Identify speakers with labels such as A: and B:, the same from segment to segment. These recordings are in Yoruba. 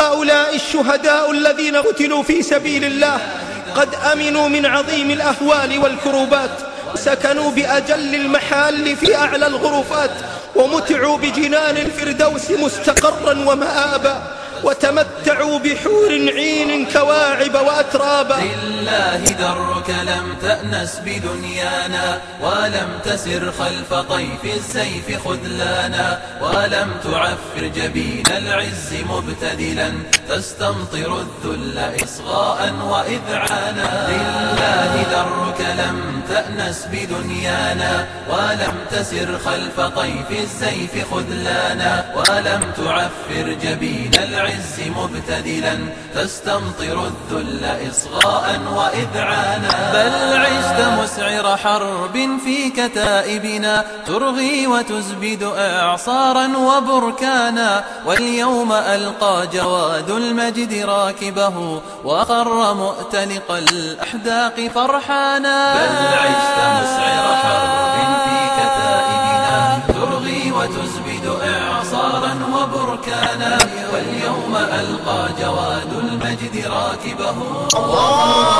A: هؤلاء الشهداء الذين قتلوا في سبيل الله قد أمنوا من عظيم الأهوال والكروبات سكنوا بأجل المحال في أعلى الغرفات ومتعوا بجنان الفردوس مستقرا ومآبا وتمتعوا بحور عين كواعب وأترابا لله درك لم تأنس بدنيانا ولم تسر خلف طيف السيف خذلانا ولم تعفر جبين العز مبتدلا تستمطر الذل إصغاء وإذعانا لله درك لم تأنس بدنيانا ولم تسر خلف طيف السيف خذلانا ولم تعفر جبين العز العز مبتذلا تستمطر الذل إصغاء وإذعانا بل عشت مسعر حرب في كتائبنا ترغي وتزبد إعصارا وبركانا واليوم ألقى جواد المجد راكبه وقر مؤتلق الأحداق فرحانا بل عشت مسعر حرب في ألقى جواد المجد راكبه الله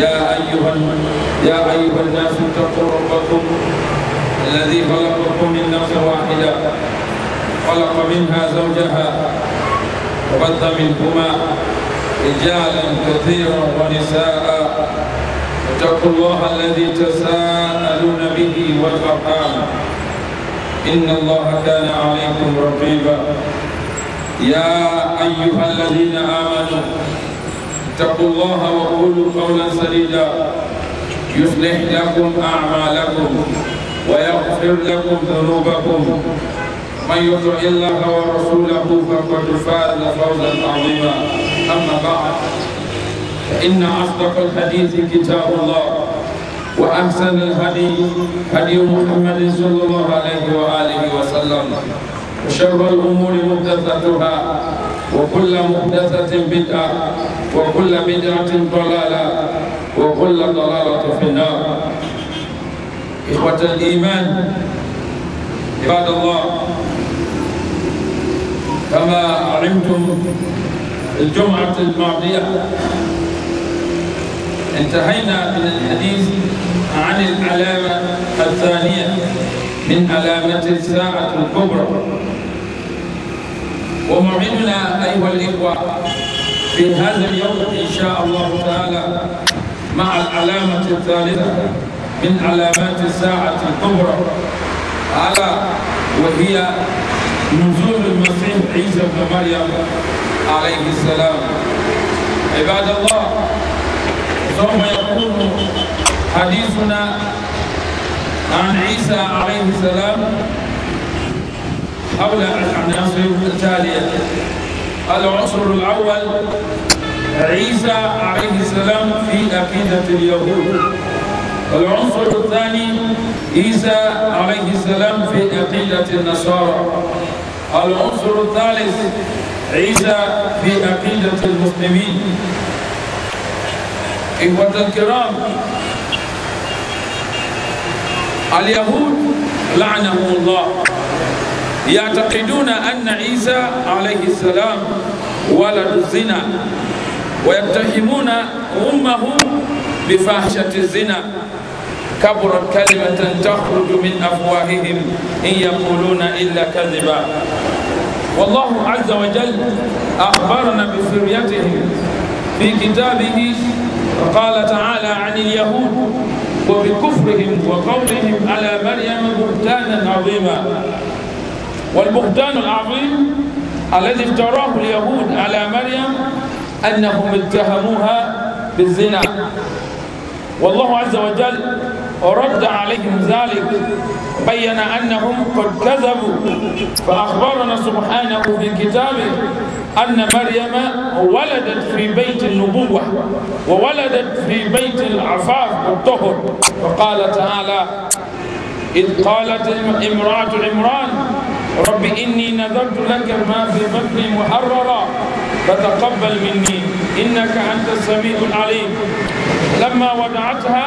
B: يا أيها يا أيها الناس اتقوا ربكم الذي خلقكم من نفس واحدة خلق منها زوجها وبث منهما رجالا كثيرا ونساء اتقوا الله الذي تساءلون به والأرحام إن الله كان عليكم رقيبا يا أيها الذين آمنوا اتقوا الله وقولوا قولا سديدا يصلح لكم أعمالكم ويغفر لكم ذنوبكم من يطع الله ورسوله فقد فاز فوزا عظيما أما بعد فإن أصدق الحديث كتاب الله وأحسن الهدي هدي محمد صلى الله عليه وآله وسلم وشر الأمور محدثتها وكل محدثة بدعة وكل بدعة ضلالة وكل ضلالة في النار إخوة الإيمان عباد الله كما علمتم الجمعة الماضية انتهينا من الحديث عن العلامة الثانية من علامة الساعة الكبرى ومعنا أيها الإخوة في هذا اليوم إن شاء الله تعالى مع العلامة الثالثة من علامات الساعة الكبرى على وهي نزول المسيح عيسى بن مريم عليه السلام عباد الله سوف يكون حديثنا عن عيسى عليه السلام حول العناصر التالية العنصر الأول عيسى عليه السلام في عقيدة اليهود العنصر الثاني عيسى عليه السلام في عقيدة النصارى العنصر الثالث عيسى في عقيدة المسلمين إخوة الكرام اليهود لعنهم الله يعتقدون أن عيسى عليه السلام ولد الزنا ويتهمون أمه بفاحشة الزنا كبرت كلمة تخرج من أفواههم إن يقولون إلا كذبا والله عز وجل أخبرنا بسريتهم في كتابه قال تعالى عن اليهود وبكفرهم وقولهم على مريم بهتانا عظيما والبهتان العظيم الذي افتراه اليهود على مريم أنهم اتهموها بالزنا والله عز وجل رد عليهم ذلك بين أنهم قد كذبوا فأخبرنا سبحانه في كتابه أن مريم ولدت في بيت النبوة وولدت في بيت العفاف والطهر فقال تعالى إذ قالت امرأة عمران رب إني نذرت لك ما في بطني محررا فتقبل مني إنك أنت السميع العليم لما وضعتها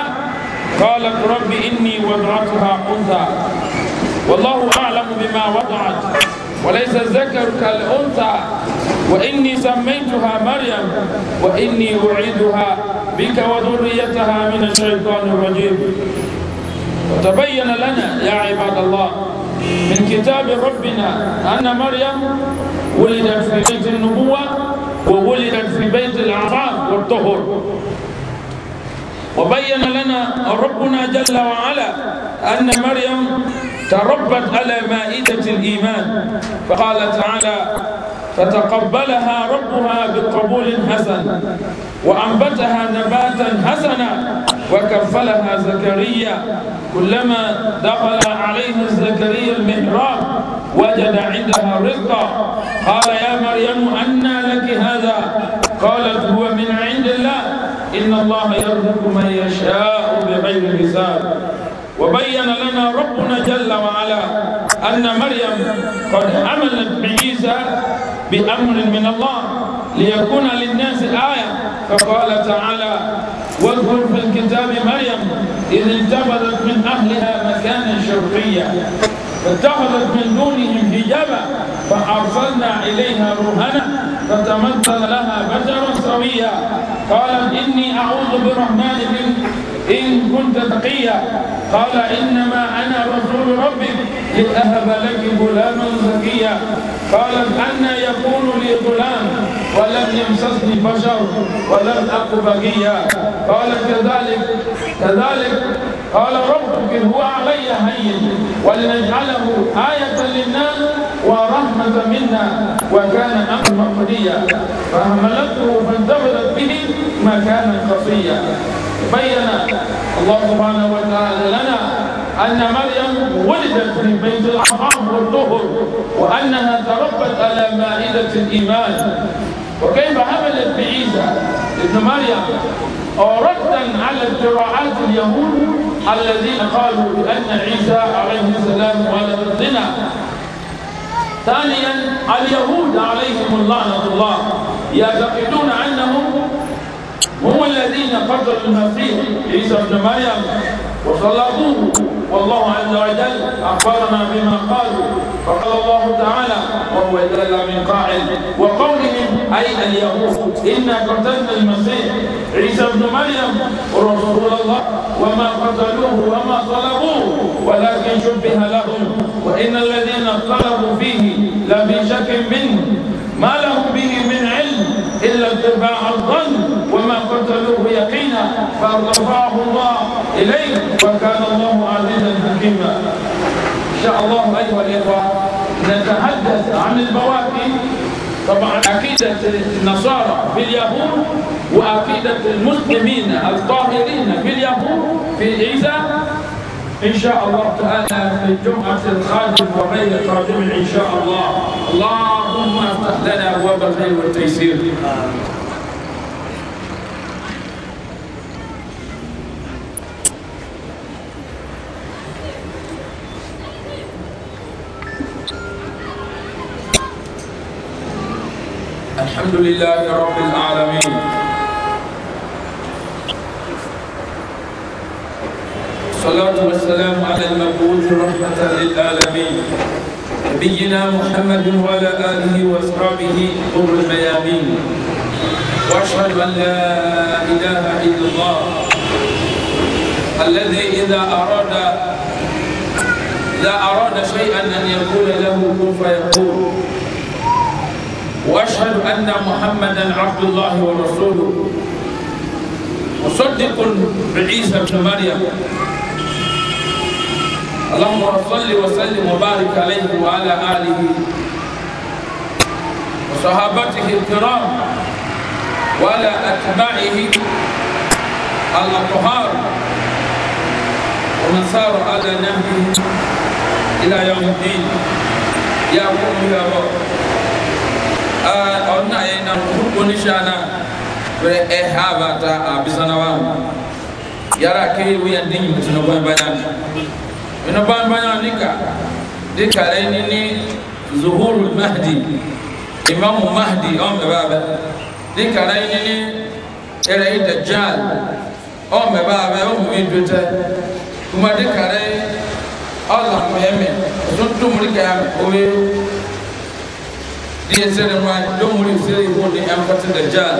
B: قالت رب إني وضعتها أنثى والله أعلم بما وضعت وليس الذكر كالأنثى وإني سميتها مريم وإني أعيدها بك وذريتها من الشيطان الرجيم وتبين لنا يا عباد الله من كتاب ربنا أن مريم ولدت في بيت النبوة وولدت في بيت العفاف والطهر وبين لنا ربنا جل وعلا أن مريم تربت على مائدة الإيمان فقال تعالى فتقبلها ربها بقبول حسن وأنبتها نباتا حسنا وكفلها زكريا كلما دخل عليه زكريا المحراب وجد عندها رزقا قال يا مريم أنى لك هذا قالت هو من عند الله إن الله يرزق من يشاء بغير حساب وبين لنا ربنا جل وعلا أن مريم قد عملت بعيسى بأمر من الله ليكون للناس آية فقال تعالى واذكر في الكتاب مريم إذ انتبذت من أهلها مكانا شرقيا فاتخذت من دونهم حجابا فأرسلنا إليها روحنا فتمثل لها بشرا سويا قالت إني أعوذ برحمن منك إن كنت تقيا قال إنما أنا رسول ربك لأهب لك غلاما زكيا قالت أنا يكون لي غلام ولم يمسسني بشر ولم اق بقيا قال كذلك كذلك قال ربك هو علي هين ولنجعله آية للناس ورحمة منا وكان أمر مقضيا فهملته فانتبذت به مكانا قصيا بين الله سبحانه وتعالى لنا أن مريم ولدت في بيت الحرام والطهر وأنها تربت على مائدة الإيمان وكيف حملت بعيسى ابن مريم عرضا على ذراعات اليهود الذين قالوا بأن عيسى عليه السلام ولد الزنا ثانيا اليهود عليهم لعنة الله يعتقدون أنه هم الذين قتلوا المسيح عيسى بن مريم وصلبوه والله عز وجل أخبرنا بما قالوا فقال الله تعالى وهو يتلى من قائل وقولهم أي اليهود إنا قتلنا المسيح عيسى بن مريم رسول الله وما قتلوه وما صلبوه ولكن شبه لهم وإن الذين طلبوا فيه لفي شك منه ما لهم به من علم إلا اتباع الظن وما قتلوه يقينا فرفعه الله إليه وكان الله عزيزا حكيما إن شاء الله أيها الإخوة نتحدث عن البواكي طبعا عقيدة النصارى في اليهود وعقيدة المسلمين الطاهرين في اليهود في عيسى إن شاء الله تعالى في الجمعة القادمة وغير القادمة إن شاء الله اللهم افتح لنا أبواب الخير والتيسير الحمد لله رب العالمين الصلاة والسلام على المبعوث رحمة للعالمين نبينا محمد وعلى آله وأصحابه قر الميامين وأشهد أن لا إله إلا الله الذي إذا أراد إذا أراد شيئا أن يقول له كن فيقول واشهد ان محمدا عبد الله ورسوله وصدق بعيسى ابن مريم اللهم صل وسلم وبارك عليه وعلى اله وصحابته الكرام وعلى اتباعه الاطهار ومن سار على نهجه الى يوم الدين يا قوم يا رب ɔna yɛ na onisiana fɛ ɛha bata abisanawa yara kiri wuya den yi mutu nɔbɔn banya nɔbɔn banya nika de kare ni ni zuhuru mahdi imamu mahdi ɔn bɛ b'a bɛ de kare ni ni yɛrɛ yi dajjal ɔn bɛ b'a bɛ ɔn mu yi do kuma de kare ɔlan mɛmɛ tuntun mu de o ye diye sere ma domuri sere hunde empati dajjal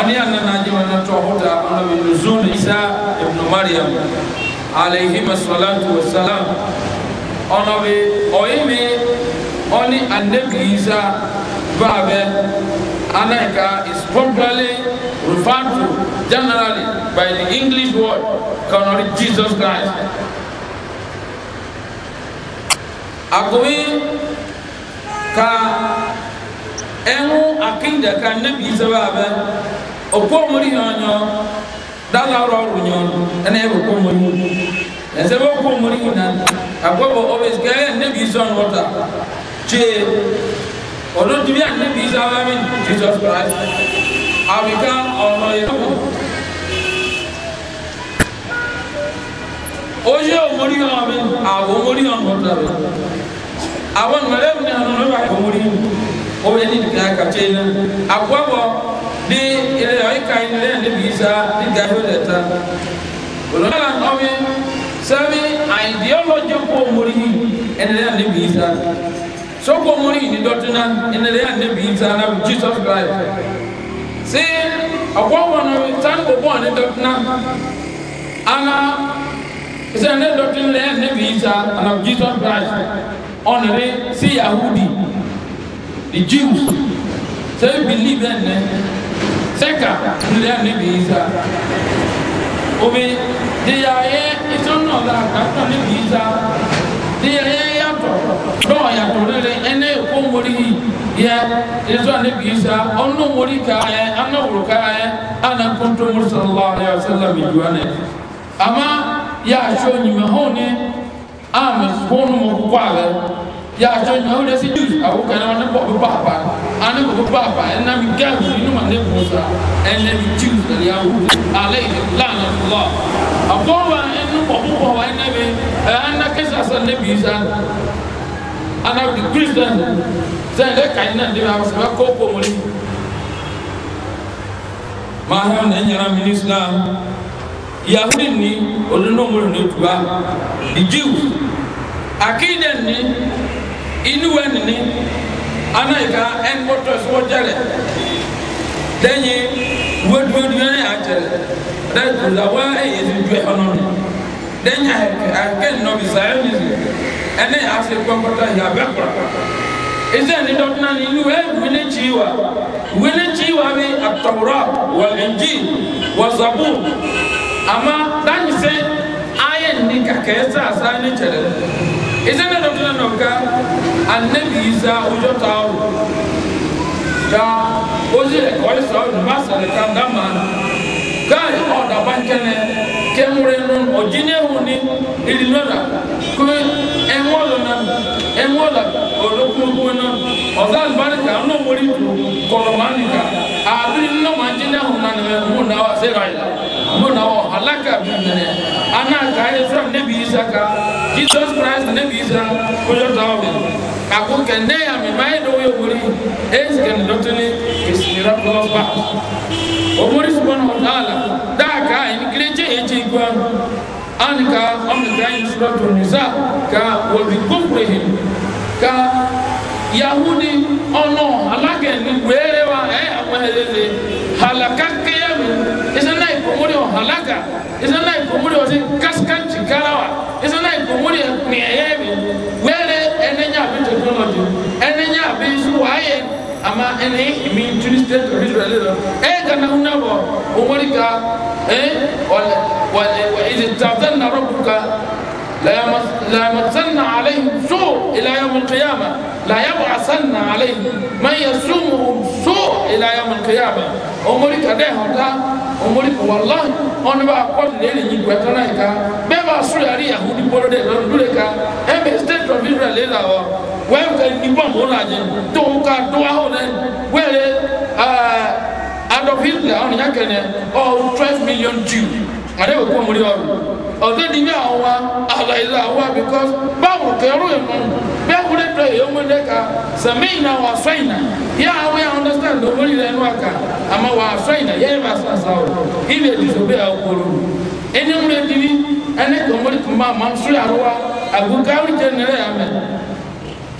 B: oni anna naji wannan to huda annabi nuzul isa ibn maryam alayhi salatu wassalam onobe oyime oni annabi isa babe anaika is popularly referred to generally by the english word called jesus christ agomi ka ɛho akinda ka nabi isa ba bɛ ɔpɔ mori nyɔnyɔ dala rɔru nyɔnu ɛna ɛbɛ kɔ mori mu ɛsɛ bɛ kɔ mori mu na agbɔbɔ ɔbɛ sika ɛyɛ nabi isa wɔta tse ɔdo tibi a nabi isa bɛ mi jesus christ abika ɔnɔ yɛ kɔ. oye omori hàn mi àwọn omori hàn mọ̀ta bẹ́ẹ̀. awon mɛlɛm ni anu lɔba kumuri o bɛ ni ka ka tse na a ni ilé ayi ka yi lé ne bi sa ni gafe lɛ ta olùkọ́ la nɔ mi muri so ko muri ni dɔtuna ɛnɛ lɛ ne na jesus christ ko ana ne ne jesus christ. ɔnere si yahudi the jews say believe ɛnɛ sɛka nire ɛnɛ bi isa omi de yayɛ ìtɔnà ka kàtà na bi isa de yayɛ yàtɔ dɔw yàtɔ rere ɛnɛ kó wòri yɛ ìtɔnà ne bi isa ɔnú ya ká yɛ ɛnɛ wòri ká yɛ ɛnɛ kóntó musalaamu ya sallam ìdúwà nɛ ama bɔnu mu kɔ alɛ yàtɔ nyɔ wòle si jus awo kana wọn bɔ bɛ paapa ana bɔ bɛ paapa ɛna mi gaagu inu ma ne bɔ sa ɛna mi jus ɛna awo ale yi lana lɔ abɔwa ɛnu bɔbɔ bɔwa ɛna mi ɛna kɛse asa ne bi sa ana bi kristian sɛ ɛdɛ ka ɛna de ma sɛ ɛkɔ kɔmɔli maa hɛn na nyina mi ni islam yahudi ni olu n'omori ni tuba the jews akida ni inuwa nini ana yi ka ɛnkɔtɔ sɔgɔ jɛlɛ dɛnyi wodowodowo yɛ ajɛlɛ dɛ kula wa eye ti du ɛhɔnɔ ni dɛnyi ake nɔbi sayɛ ni ɛnɛ ase kɔnkɔtɔ yi abɛ kura ɛsɛ ni dɔtuna ni inuwa yɛ wele tsi wa wele tsi wa bi atɔwura wa ɛnji wa zabu ama danyi se ayɛ ni kakɛ ɛsɛ asa ni tɛlɛ izana dɔ tena nɔ ka anabi isa ojɔ taa o ka ozi rɛ kɔli sa o ma sari ka dama kai ɔda ba kɛnɛ kɛmure nu ɔjinɛ hu ni iri nɔra ko ɛŋɔ lɔ na ɛŋɔ la olokunkun na ɔza alibarika ɔnɔ mori tu kɔlɔmani ka abi nnɔma jinɛ hu na nimɛ mu na wa se ra wa halaka minɛ a n'a ka ye sɔrɔ ne bi isa kan jesus christ ne bi isa ko yɔrɔ t'aw de ko kɛ ne y'a mɛ maa ye dɔw ye wuli e sɛgɛ nin dɔ tɛni kisigira dɔw ba o mori sɔgɔnɔ o t'a la daa ka ye ni kirece ye ci an ka an bɛ taa yin sɔrɔ nisa ka o bi kofure ka yahudi ono ala kɛ ni wɛrɛ wa ɛ a halaka kɛ muri halaka isa na ko muri wasi kaskanci garawa isa na ko muri ne yemi mere enenya bi technology enenya bi su waye ama ene mi tuli state of israel lo e kana una bo ka e wal wal wa iz ta'dhanna rabbuka لا يمسن عليهم سوء إلى يوم القيامة لا يبعثن عليهم من يسومهم سوء إلى يوم القيامة أمريكا ده omori ko wallahi on ba ko le ni ni gwa ka be ba su ya yahudi bolo de don dure ka e state of israel le la wa we ka ni bom na je to ka do a ho ne we le ah adolf hitler on yakene oh 12 million
C: jew ade
B: ko omori wa ọ̀dẹ́ni yà wá àlàyé àwa because báwo kẹrù ìmọ̀ bẹ́ẹ̀ kúrẹ́ tó èyí ọmọ ẹ̀dẹ́ ká sẹ̀mí ìnà wà sẹ́yìnà yà àwọn yà understand ló wọlé lẹ́nu àká àmọ́ wà sẹ́yìnà yẹ́ ìmọ̀ àṣàṣà o ìbẹ̀ ìdìbò bẹ́ẹ̀ ọkọ̀rọ̀ ẹni múlẹ̀ dìbí ẹni tó múlẹ̀ tó máa máa ń sọ àrùwá àbúkárí jẹ́ nílẹ̀ àmẹ́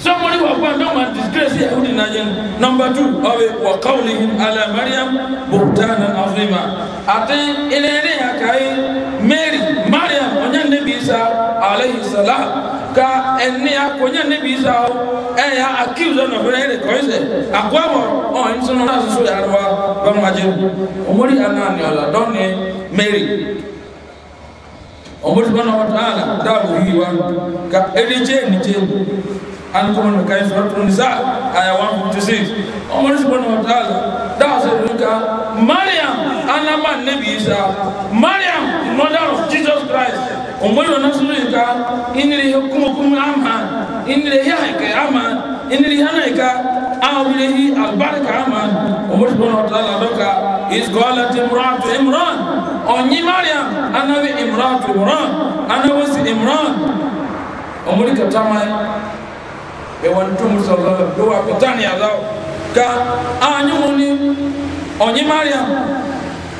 B: somebody who upon no man disgrace Yahudi Najan. Number two, awe wa qawlihim ala Maryam buhtanan azima. Ate ina ina ya kai Mary isa alayhi salam ka ɛni akonya nebi isa o ɛya akiwuso nɔfɛlɛ yɛrɛ kɔnsɛ akoamɔ ɔn emisɔnɔ na soso yɛrɛ wa bamajɛ omori anani ɔla dɔni mary omori bana wa taala daabu yi wa ka ɛdijɛ nijɛ alikɔmɔni ka ɛfɛ tunisa aya one fifty six omori bana wa taala daa sɛ ka mariam anama nebi isa mariam mother of omuliro nasulika inirihe kumukumu ama inirihe haike ama inirihe naika awulehi albarika ama omuliro subhanahu wa ta'ala doka is qalat imratu imran onyi maryam anabi imratu imran anawasi imran omuliro katama ewantumu sallallahu alaihi wa sallam dowa kutani azao ka anyumuni onyi maryam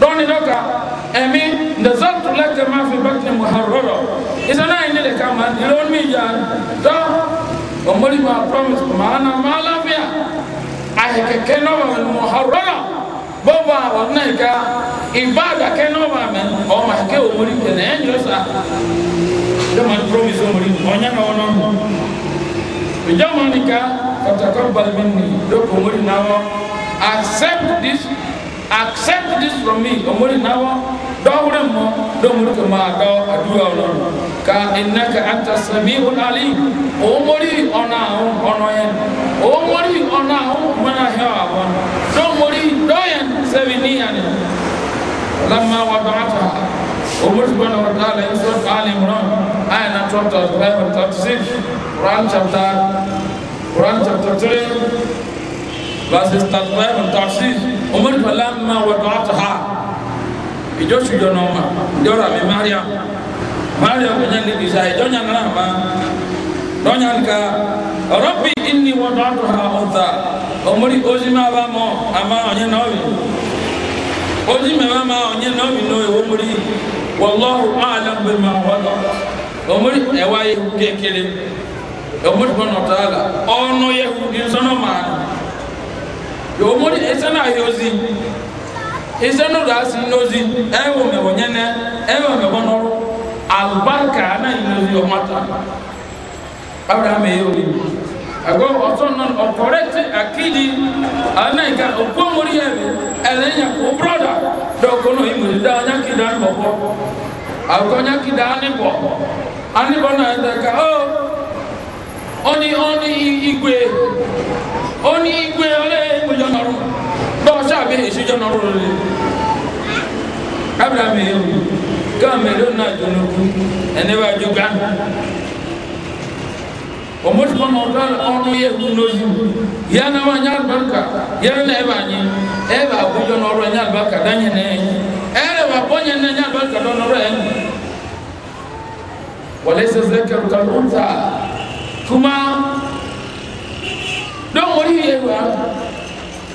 B: dɔɔni dɔ kan ɛmi ndezɔtu la tɛ ma fi bɛtɛ muharɔrɔ isana yi ne de ka ma ni lɔn mi ya dɔ o mori ma promise ma ana ma lafiya a yi kɛ kɛ nɔ ma muharɔrɔ bɔ bɔ a wɔ na yi ka ibada kɛ nɔ ma mɛ ɔ ma kɛ o mori kɛ na yɛ nyɛ sa dama promise o mori o nya na o nɔ
C: o
B: jɔ ma ni ka ka ta kɔ ni dɔ ko mori na wɔ accept this accept this from me omori nawa
C: dɔwure mɔ
B: dɔwure ko maa dɔ aduwa o lɔrɔ ka enaka ata sami o lali omori ɔna o ɔnɔ yɛ omori ɔna o mana hɛ o awɔ dɔwori dɔyɛ sɛbi ni yanni lamma wa dɔgɔta omori subahana wa taala yi sɔ baali mɔrɔ aya na tɔ tɔ tɔ tɔ tɔ Quran chapter Quran chapter three verses thirty five and thirty six umar falamma wada'ataha ijo sujo no ma dora mi maria maria ko nyali bi sai do nyana na ma do nyan ka rabbi inni wada'ataha unta umar ozima ba mo ama onye no bi ozima ba ma onye no bi no e umar wallahu a'lam bima wada'a umar e umar subhanahu wa ta'ala ono ye hudin sono omori ese na ahịa ozi n'ozi ewe eh, omegbo nye ne eh, n'ọrụ albarka anaghị n'ozi ọmata abraham eyi ori agwa ọtọ nọ ọkọrẹtị akidi ka eh, ya nọ anya kida onye akida anya kida onye akida anịbọ anịbọ na oh. onu oni igwe oni igwe ole mo jo noru do sa be isi jo noru le kabla me ka me do na jo noru ene ga o mo onu ya na ma nyal ya na ebe ba ni e ba bu jo noru nyal barka da nye ne ere nye ne nyal barka kuma dɔnkɔri yɛ wa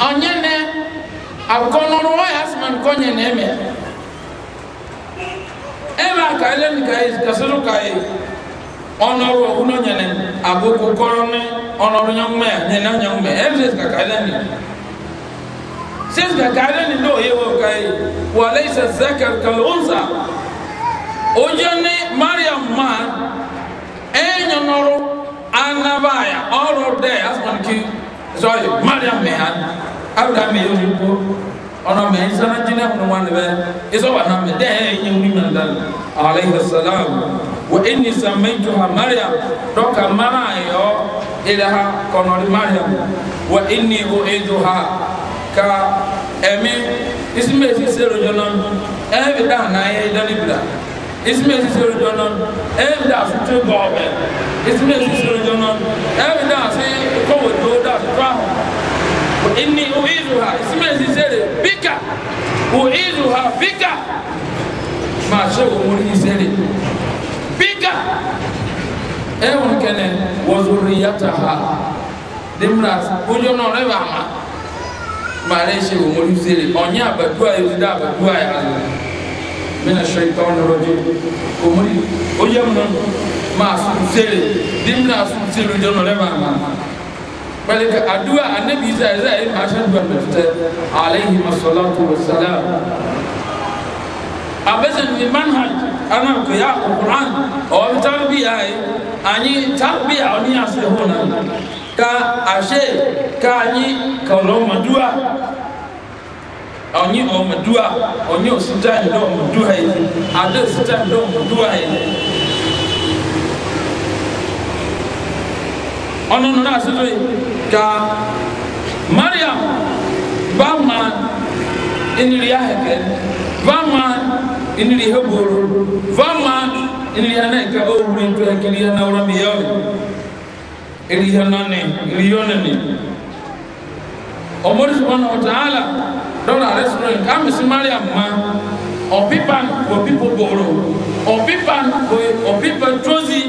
B: ɔnyɛ nɛ akɔnɔrɔ wɔyɛ asuman kɔnyɛ nɛ mɛ ɛmɛ akaele ni ka yi kasoro ka yi ɔnɔrɔ ɔkunɔ nyɛ nɛ agogo kɔrɔ nɛ ɔnɔrɔ nyɔnkumɛ nyɛ nɛ nyɔnkumɛ ɛmɛ kakaele ni sɛsika kaale ni n'o ye o ka ye wale sɛ zɛkɛri kalo onza o jɛ ni mariam ma e ɲɔnɔrɔ. Anna Baya, all of them, as one king, sorry, Mariam Mehan, Abda Mehan, ọ̀nà mẹ́rin sáná jí náà fún wọn bẹ́ẹ̀ ẹsọ wà náà mẹ́rin dẹ́ẹ̀ ẹ̀yẹ wí mà dán alayhi salam wò é ní sàmẹ́jọ ha mariam dọ́kà mara ẹ̀yọ́ ilẹ̀ ha kọ̀nọ̀rí mariam wò é ní o ẹ̀jọ ha ka ẹ̀mí ìsúnmẹ́sì sẹ́rọ̀ jọ náà ẹ̀ bí dáhùn náà ẹ̀ dání bìlà isime sisoro jɔnɔn ɛyɛ bi daa so tiri gɔɔbɛ isime sisoro jɔnɔn ɛyɛ bi daa so kɔwɔ doo daa so tɔ ahɔn o ini o izu ha isime sisere bika o izu ha bika maa se o muri sisere bika ɛyɛ wɔn kɛnɛ wɔzori yata ha demura ojɔnɔn rɛ b'a ma maa lɛ se o muri sisere ɔnyɛ abaduwa yi o ti da abaduwa yi من الشيطان الرجيم ومري ويمنا ما سنسل دمنا سنسل جنو لما بلك أدوى النبي صلى الله عليه وسلم أشهد بالمفتة عليه الصلاة والسلام أبزن بمنهج أنا قيا القرآن أو تربية أني تربية أني أسهونا كأشي كأني كلام أدوى ɔnye ɔmo dua ɔnye ositan dɛ ɔmo dua yi e, ade ositan dɛ ɔmo dua yi e. ɔno no naa soso e, yi ka mariam bama eniri ahɛkɛ bama eniri
C: heboro
B: bama eniri anayika owurintɔ ekiri anawura miyɛwo eniri anani eniri yɔnani ɔmɔdi subahana wa taala dɔwɔra ale sɔrɔ yen k'an misi mariam ma ɔpipan o pipo boro ɔpipan o ɔpipan tozi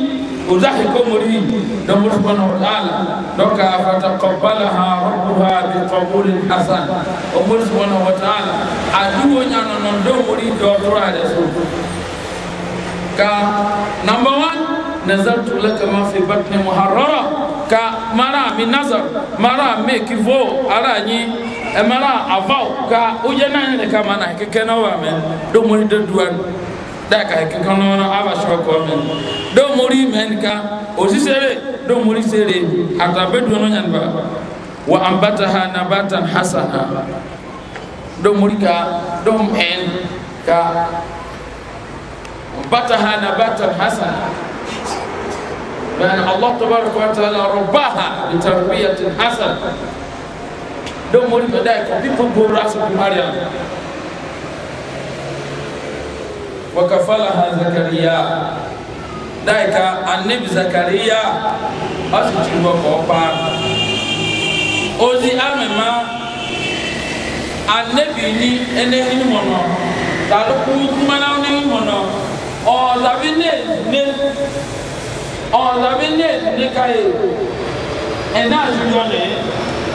B: o zahi komori dɔwɔri subahana wa taala dɔwɔka afata kɔbala ha rɔbuha bi kɔbuli hasan ɔmɔdi subahana wa taala a duwo nyanɔnɔ dɔwɔri dɔwɔtɔrɔ yɛrɛ so ka namba wa nazartu laka ma fi batni muharrara ka mara mi nazar mara mi kivo ara nyi e mara avau ka uje na ne ka mana ke ke na wa me do mo de duan da ka ke ka no na aba sho ko me do mo ri men ka o si sere do mo ri sere ata be do no nyan ba wa ambataha nabatan hasana do mo ri ka do en ka bataha nabatan hasana بأن الله تبارك وتعالى رباها بتربية حسنة دون مريد ذلك people go رأس مريم وكفلها زكريا ذلك النبي زكريا أسجد وقوبا ozi amema anabi ni ɛnɛ ni mɔ nɔ talo kumana ni mɔ nɔ ɔ labi ne ne ɔdɔbi ne nika ye ɛna adudɔ ne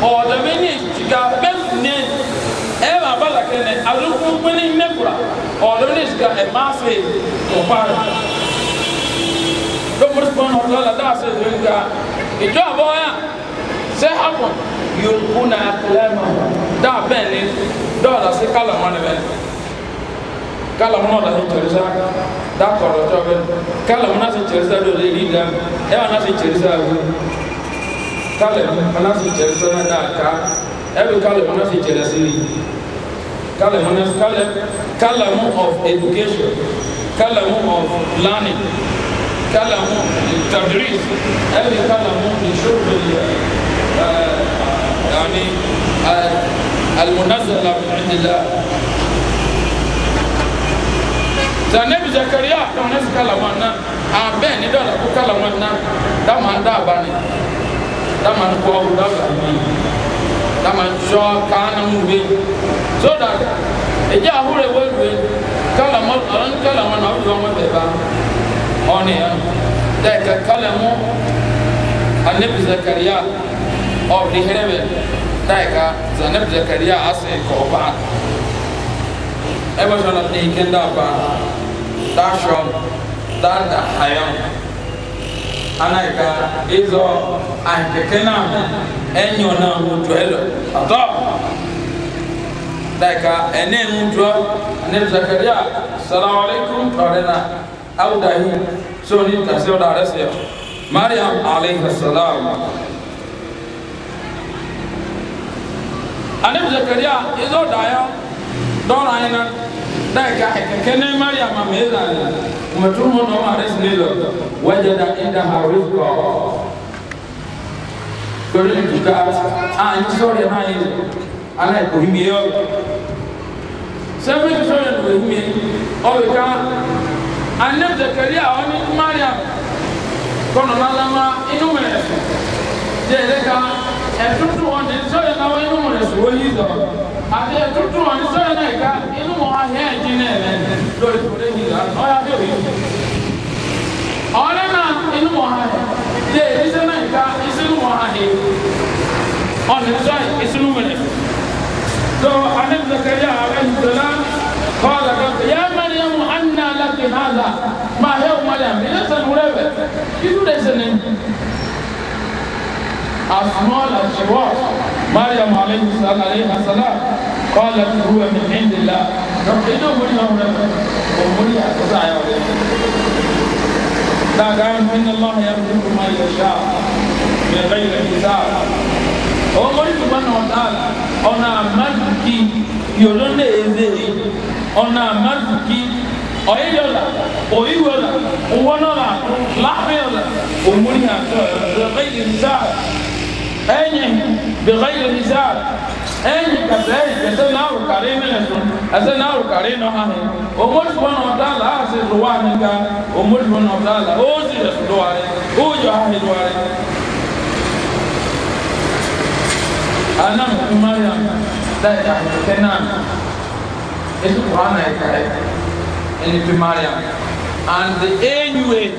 B: ɔdɔbi ne tiga bɛntu ne ɛma bala kɛnɛ aluku gbɛni ne kura ɔdɔbi ne tiga ɛma se ɔpaara dɔkɔri sɔgbɔn ɔdɔ la daa se zoli ka ìjọ àbọ̀wọ́yà sɛ hapun yorùbá náà lẹ́mọ̀ dáa bẹ́ẹ̀ ni dɔw la se kálọ̀ mọ́ni bẹ́ẹ̀ kala mun na sin cherisa da kɔrɔ tɔ bɛ kala mun na sin cherisa do le ri da e wa na sin cherisa wo kala mun na sin cherisa na da ka e bi kala mun na sin cherisa ri kala mun na kala kala mun of education kala mun of learning kala mun tadris e bi kala mun shurb eh, yani المنزل من عند الله da ne bi zakariya da ne su kala wannan a bɛn ni dɔw la ko kala wannan da man da ba ne da man bɔ da ba man sɔ kaana mu be so da e jɛ ahure wo be kala mɔ ɔn kala mɔ na o zɔn mɔ bɛ ba ɔne yan da ka kala mɔ a ne bi zakariya ɔ ni hɛrɛ bɛ da ka zanebi zakariya a sɛ kɔrɔba ɛbɛ sɔn na tɛyi kɛn daa baa daa sɔn daa da hayɔn ana yi ka ezɔ ayi kɛkɛ naa ɛnyɔ naa o tɔɛ lɔ ɔtɔ daa yi ka ɛnɛ mu tɔ ne zakariya na aw dahi sɔɔni tasiw daa rɛ sɛ mariam aleyhi salam. anabi zakariya ezɔ daa yɔ dɔɔna ayi na da yi ka hɛkɛ kɛnɛ mariya ma mɛ la la mɛ turu mu nɔ ma resi ne lɔ wajɛ da e da ha o kɔ kori ni duka a n sɔrɔ n'a ye ala ye kohi mi yɔ sɛbɛn ti sɔrɔ yɛ kohi mi ɔ bɛ ka a ne bɛ kari a ɔ Maria mariya kɔnɔ na lama inu mɛ dɛrɛ ka ɛtutu wɔn de sɔrɔ na wɔn inú rɛ sɔ yi zɔ
C: àti ɛtutu wɔn de sɔrɔ na ìka
B: inú wɔn ahẹ́ ẹ̀dín náà lɛ lórí ìfúnlẹ̀ yìí zɔ ɔyà bẹ́ẹ̀ wí. ɔlẹ́ náà inú wɔn ahẹ́ dé ìṣe náà ìka ìṣe inú wɔn ahẹ́ ɔlẹ́ sɔ ìṣe inú wẹ̀lẹ̀. so alẹ́ zakariya alẹ́ nìjọba kọ́ọ̀lá kọ́ọ̀lá yẹ́ mẹ́rin anna lati hada ma hẹ́ o ma mí lẹ́sẹ̀ nù rẹ̀ as small as she was, Maryam alayhi salam qalat huwa min indillah. Ina muri na wuri ko muri a kusa ya wuri. Da ga yin inna Allah ya rubu ma ya sha min ghayri hisab. O oh, muri subhanahu wa ta'ala ona amanki yolonde ezeri ona amanki oyeyola oyiwola uwonola lahoyola omuri ha ghayri hisab ɛnyɛ bɛgɛyɛ nisa ɛnyɛ kasa ɛnyɛ kasa n'awo kare mi nɛso ɛsɛ n'awo kare nɔ ha o mɔri fɔ nɔ ta la a se do wa ne ka o mɔri fɔ nɔ ta la o si yɛ do wa re o jɔ a he do wa re. mariam da yi a kɛ na kura na yi ka yi ɛni mariam and the anyway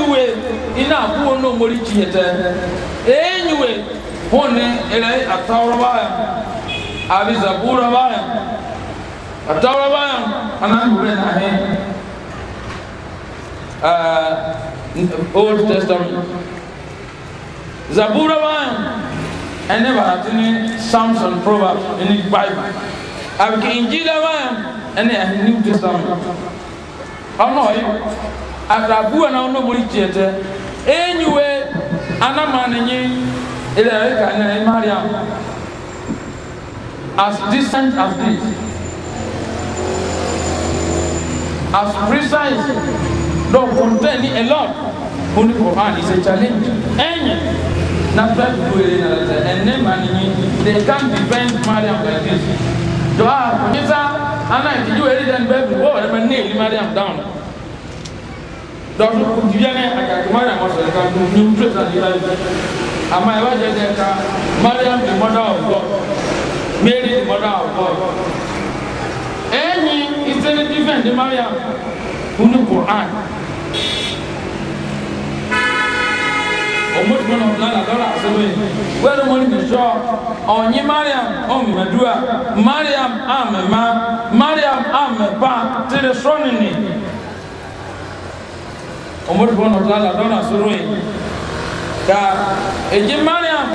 B: enyiwe ina abuwo no mori kiyete enyiwe hone ere atawra baya abi zabura baya atawra baya anan hure na he uh, old testament zabura baya ene baratini samson proverbs ini bible abi ke injila baya ene new testament ọmọ
C: yìí
B: atabua na ono muri chete enyuwe anamane nyi ile weka na Maryam as distant as this as precise don contain a lot holy Quran is a challenge enye na fẹ́ gbogbo ẹ̀ nà lẹ́sẹ̀ ẹ̀nẹ́ màní yín they can defend Maria like this jọ a kò ní sá anáyìí ti ju èrè dẹ́nu bẹ́ẹ̀ bí wọ́n rẹ̀ Maria down donc dibiane akakumana masɔrɔ ka nu ni muso ta yira yi ama ẹ bá jẹ jẹ ka mariam the mother of god mary the mother of god ẹyin ìtẹ́lẹ̀ different ní mariam nínú quran ọmọdé náà lánàá lọ́la àṣẹwé wẹ́rẹ́ wọn ní sọ ọ̀yin mariam ọ̀mẹ̀dúà oh, mariam àmẹ̀má ah, mariam àmẹ̀bá tẹ̀lé sọ́nìní omori bɔn nɔtɔ la dɔn na soro ye ka edze mariam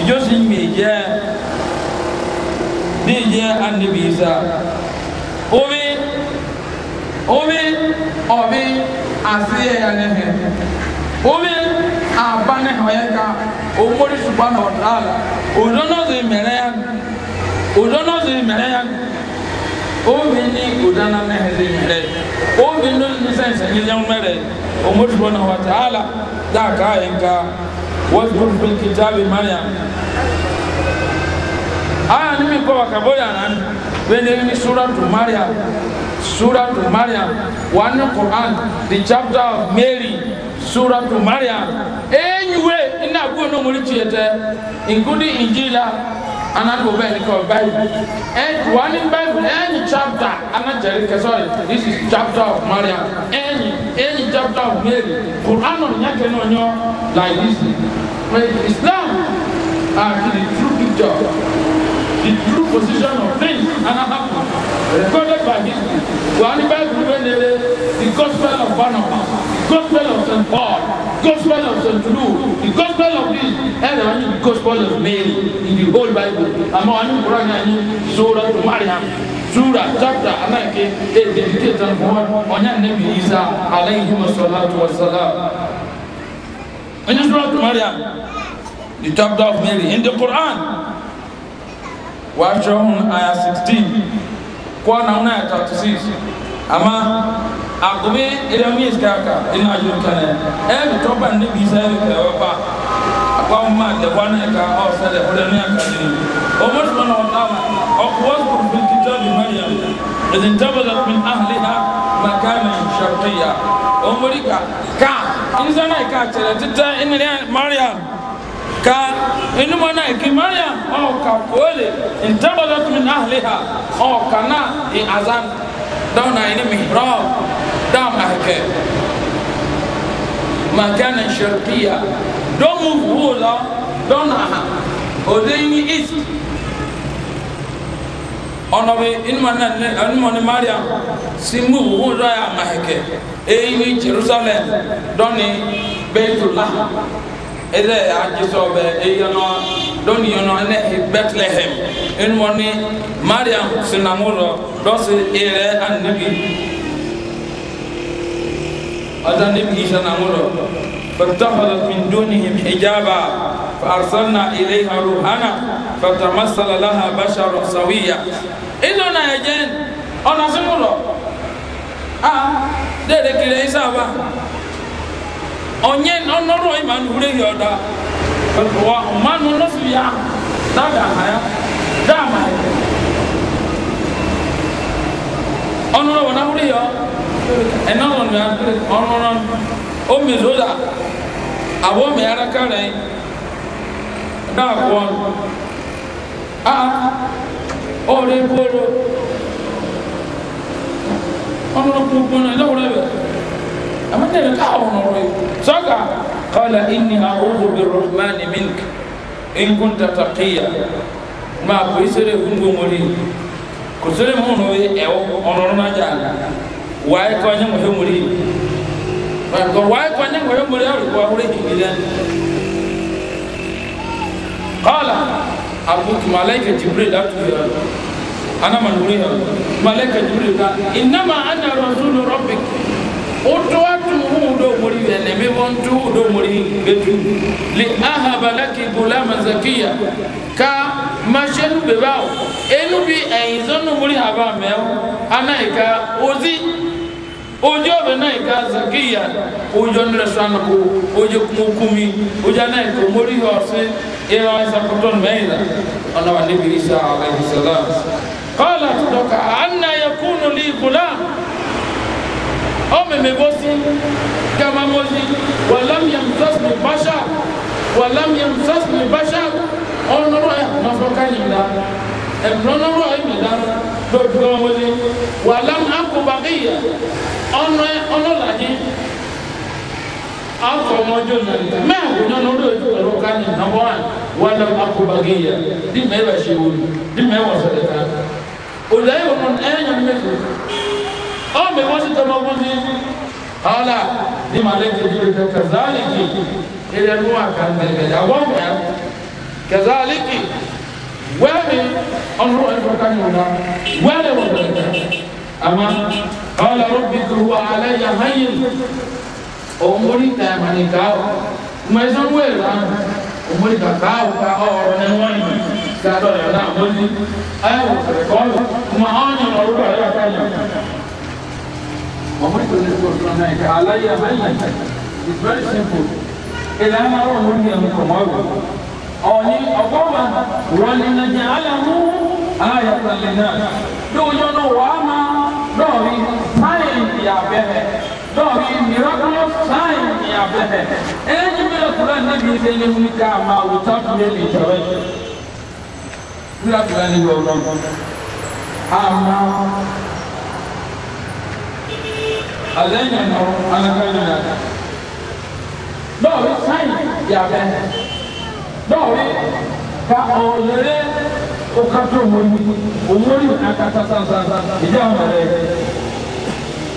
B: idzo si mi dze ne dze anabi isa omi omi ɔbi asi yɛ ya ne hɛ omi aba ne hɛ yɛ ka omori suba nɔtɔ la odono zi mɛrɛ ya odono zi mɛrɛ ya omi ni odana ne hɛ zi mɛrɛ ya o bi no ni sɛn sɛ nyɛ mɛrɛ o mo tubɔ na wa taala daa kaa yɛn ka wasbur bil kitabi maryam aya ni mi kɔ wa ka bɔ yan nan bɛ ni sura tu maryam sura to Maryam one Quran the chapter of Mary sura to Maryam anyway ina go no muri chiete including Injila anako be ni ko Bible and one in Bible, any chapter, I'm not telling you, sorry, this is chapter of Maryam, any, any chapter of Mary, Quran on Yakan on your, like this. But Islam are the true picture, the true position of things, and
C: have
B: recorded by history. One in Bible, when they the gospel of Barnabas, gospel of St. Paul, gospel of St. Luke, the gospel of this, and I the gospel of Mary in the whole Bible. I'm on the Quran and Surah to Maryam. Surah chapter anake e dedicated one God onya nabi Isa alayhi wassalatu wassalam. In Surah to Maryam, the chapter of Mary in the Quran. Watch on ayah 16. Quran 9 36. Ama a gome idan mi iska ka ina jin ka ne e mi to ban ni bisa e ka wa ba akwa ma da wani ka o sa da hudan ya ka ni o mo tuma na wata ma o ko was ko fil kitab maryam idan tabadat min ahliha makana sharqiyya o mo rika ka in sana ka tere tita in ne maryam ka inu mana ki maryam o ka kole in tabadat min ahliha o kana in azan دون عين محراب دام أهكا مكانا شرقية دوم بولا دون أها أدين إيست ọnọbi ẹnumọni mariam si mu wuhu dọ ya maheke eyi ni jerusalem dọni beitul ɛdɛ adzesɔ bɛ eyɔnɔ dɔni yɔnɔ ɛnɛ bɛtlɛhɛm enumɔni mariam sinamurɔ dɔsi ɛrɛ anabi ɔtanibi sinamurɔ فاتخذت من دونهم حجابا فأرسلنا إليها روحنا فتمثل لها بشر سويا إننا يا جن أنا سمولو آه ده ده كده إسابة onye ọnọrọ ịma na ure ya ọda wa mmanụ nọsụ ya daga aha ya dama ya ọnọrọ wọn ahụrụ ya ẹnọrọ na ọnọrọ o mezo da abụọ ma ya raka rẹ daakwọ a ọrụ ebe ọrụ ọnọrọ kwụkwọ na ẹnọrọ ebe ama ne ka ɔno ro yi sɔka kala inni a'udhu birrahmani mink in kunta taqiya ma ko isere hungo mori ko sere mo no e ɔno ro na ja waye ko anya mo he mori ko waye ko anya mo he mori ari ko ahore higilan qala abuk malaika jibril atuya ana man muriha malaika jibril ka innama ana rasulu rabbik utoa tuhu do muri dene me bon tuhu do muri betu li ahaba laki gulama zakiya ka mashenu bebao enu bi aizonu muri haba meo anaika ozi ojo be na ika zakiya ojo nre shwana ko ojo kumukumi ojo na ika muri hose ewa isa kuton meida ona wa nabi isa alayhi salam qala tudoka anna yakunu li gulam ọmẹmẹ bosun gamamoji walam yam tasmi basha walam yam tasmi basha ọnọrọ ẹ nọfọ kanyi la ẹnọnọrọ ẹ mi la lórí gamamoji walam akubakiya ọnọ ẹ ọnọlaji afọmọjọ nàlẹ mẹ àwùjọ lórí ojú ọ̀rọ̀ kanyi nàbọ wa walam akubakiya di mẹ bá ṣe wọlé di mẹ wọ sọ̀rọ̀ ká olùdarí wọn ẹ yàn mẹsàn aw mɛ wɔsi tɔmɔ kusi ala ni ma lɛ kiri kiri kɛ kazaliki ere nu a kan tɛ kɛ awɔ mɛ kazaliki wɛmi ɔnu ɛfɛ ka ɲɔ na wɛmi wɔ tɛ kɛ ama ala rɔbi kuru ala yahayi omori tɛmani kaw mɛsɛn wɛrɛ la omori ka kaw ka ɔrɔ ne wɔni ka dɔ yɛrɛ la omori ayi wɔ tɛ kɔlu kuma anw yɛrɛ olu ka yɛrɛ ka ɲɛ. Muhammad very simple. Ìlà máa wọ̀ lórí ẹ̀mí kọ̀mọ́rù. Ọ̀ní ọ̀gbọ́nba wọ̀lìnàjà alámú ayàtàlẹ̀ náà. Lóòjọ́ náà wà á máa dọ̀rí sáyẹ̀nsì àbẹ̀rẹ̀. Dọ̀rí miraculous sáyẹ̀nsì àbẹ̀rẹ̀. Ẹni mìíràn kúrò níbi ìdẹ́ni mú ká máa wùtá fúlẹ̀ lè jọrẹ́. Kúrò àbúrò ni wọ́n lọ́gbọ́n. Àmọ́ ale nya nɔ ana ka nya na dɔw bɛ fain yabɛ dɔw bɛ ka ɔlɛlɛ o ka to mori o mori a ka ta san san san ìdí àwọn ọmọ rẹ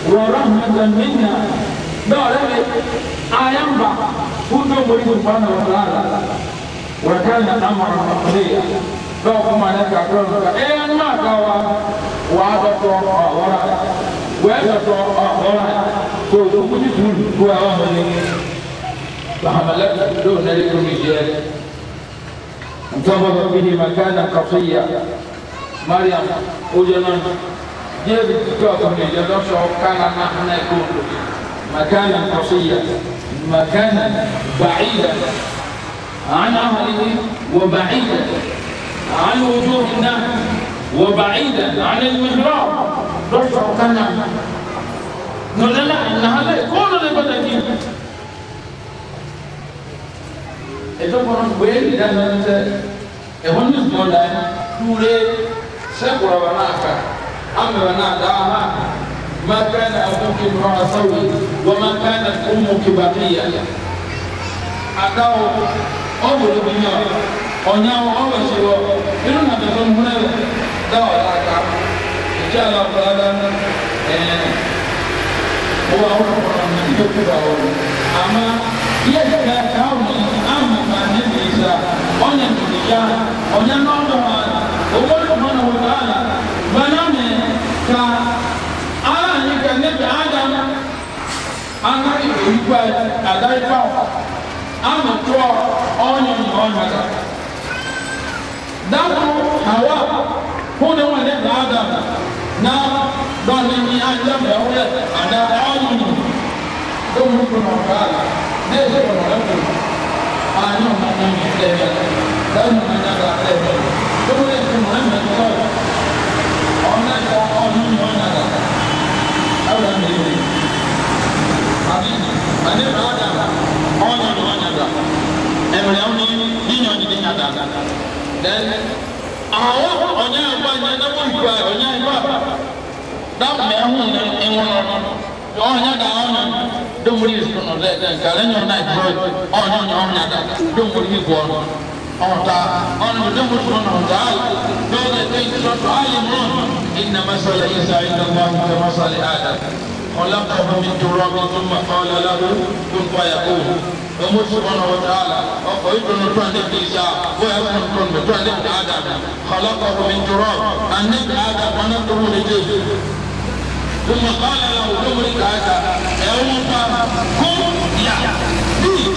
B: wɔrɔ mi ka mi nya dɔw yɛrɛ bɛ ayamba k'u to mori k'u fa na wɔrɔ la wɔrɔ ka na amara kɔkɔle wa wa dɔ tɔ ɔ فحملته دون الكوميديان انتظر به مكانا قصيا مريم وجنان جاب الكوكب جنان كان بعيدا عن أهله وبعيدا عن وجوه الناس وبعيدا عن المحراب dɔtɔ kanya nɔlɛla nahala kɔɔlɔ le bala ki ɛtɔ kɔnɔ gbɛɛ li ni gbɔ da yɛ tuure sɛ kɔrɔba n'a ka amɛrɛ n'a da ha ma kan na ko ki mo ki ba ki yɛ a da o o bolo bi ɲɔ o inú na bɛ fɛn mun na insha Allah ta'ala
C: ó wà wọn kọ ọmọ tí yóò kúrò àwọn
B: ọmọ àmọ́ yíyá ìgbà káwọn àmọ́ máa ní ìdí ìṣá ọ̀nà ìdíyà ọ̀nà náà lọ wà owó lọ́wọ́ náà wọ́n bá yà gbaná mi ka ara yìí ka níbi ádám aná ìwé ìgbà àdá ìgbà àmọ́ tó ọ̀nà ìmọ̀ọ́nà ká dákú àwa kó ní wọn níbi ádám dɔɔni ni an yɛ mɛ wɛ a na a yi ni ko mun kɔnɔ ka la ne ye kɔnɔ wɛ ko a n'o ma na ɲɛ tɛ yɛ da
C: n'o ma na ka tɛ yɛ ko mun yɛ kɔnɔ an yɛ tɔgɔ la ɔn na ka ɔn ni ɲɔgɔn na ka aw la mi yɛ a bi
B: a ne ma da ɔn na ɲɔgɔn ni ni ɲɔgɔn ni ɲa dam mɛ hu ne
C: ŋɔnɔ ɔnyɛ da ɔnyɛ
B: domori sɔnɔ dɛ dɛ gale nyɔ na ibrɔ ɔnyɛ nyɔ ɔnyɛ da domori gɔ ɔta
A: ɔnyɛ domori sɔnɔ da dɔwɛrɛ tɛ sɔtɔ ayi mɔ ina masala isa ina ŋɔnɔ
B: kɛ masala ada ɔlɔpɔpɔ mi tora mi tó ma ɔlɔ la ko ko n faya ko ɔmu sɔnɔ ɔta la ɔkɔ idunu tó a ne bi sa o yɛ fún tún mi tó a ne bi ada ɔlɔpɔpɔ mi tora a ne bi ada kɔnɔ tó wuli dé.
A: ثم قال له دبرك هذا يوم كن يأتي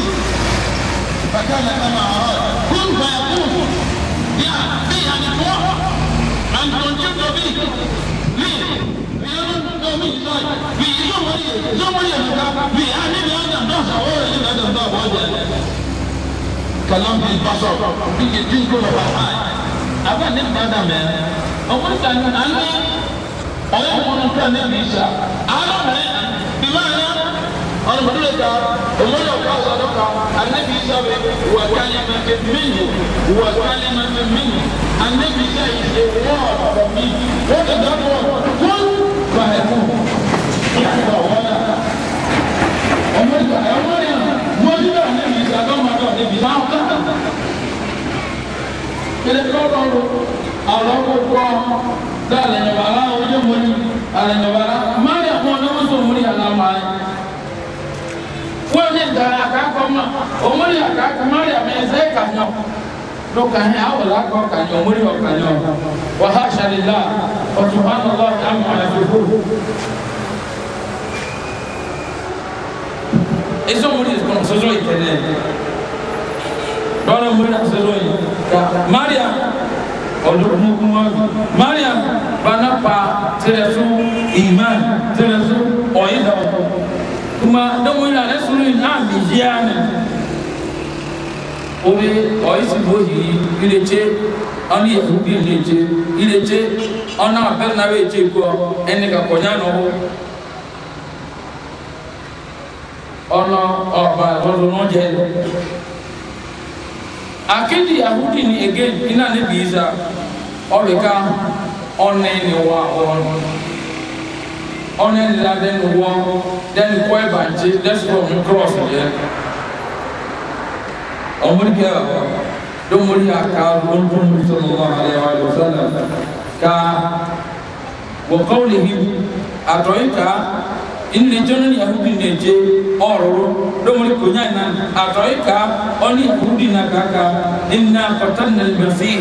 A: فكان كما أراد كن فيكون يأتي يعني تروح أن تنجب به
B: kalam bi baso bi ke tin ko ba ai aba ne ba da me o ko ta ni an ne
C: ɛyɛ nkunu kura ne
B: bi sa ara mɛ bima na ɔno mo dule ka ɔmo yɛ ɔka sɔ do ka ana bi sa bɛ wa ka ne ma te minyi wa ka ne ma te minyi ana bi sa yi se wɔ ɔbɔ mi
A: wɔ ka da wɔ wɔn ba yɛ ko ya ka wɔ na ɔmo yɛ ka ɛwɔ yɛ mo
B: di ka ne bi sa ka ma ka mɔni ala ɲɔgɔnna maa yɛ kɔn ne ma sɔn mɔni ala maa ye fo ne dara a k'a
C: ma o mɔni a k'a kɔ maa yɛ mɛ zɛ
B: ka ɲɔ n'o ka ɲɛ aw la kɔ ka ɲɔ mɔni yɔ ka ɲɔ wa ha sarila wa subahana allah ta ma ala fi ko. ezo mɔni kɔn soso yi tɛ dɛ dɔw la mɔni na soso yi ka mariam ọdúnkúnkúnmọ́gbọ̀n mariam banapa tẹ̀lẹ̀ so iman tẹ̀lẹ̀ so ọ̀yẹ́ dàwọ̀ kuma dẹ́mu yìí lálẹ́ sunu yìí náà mi yíyá ni o bɛ ɔyi si bo yi iletse ɔni yehu bi iletse iletse ɔna abɛn na bɛ tse kɔ ɛni ka kɔnya akedi yahudi ni again ina ne bi iza ɔbɛka ɔne ne wa wɔn ɔne ne la de ne wɔ de ne kɔ ebantse de sɔrɔ ne cross yɛ ɔmori kɛ domori aka ɔmori sɔrɔ lɔɔre ale wa yɔ sɛlɛ ka wɔkɔw lehi atɔyika ille jono ni yahudi ne je oro do mo ko nya na atoika oni yahudi na kaka inna qatalna al-masih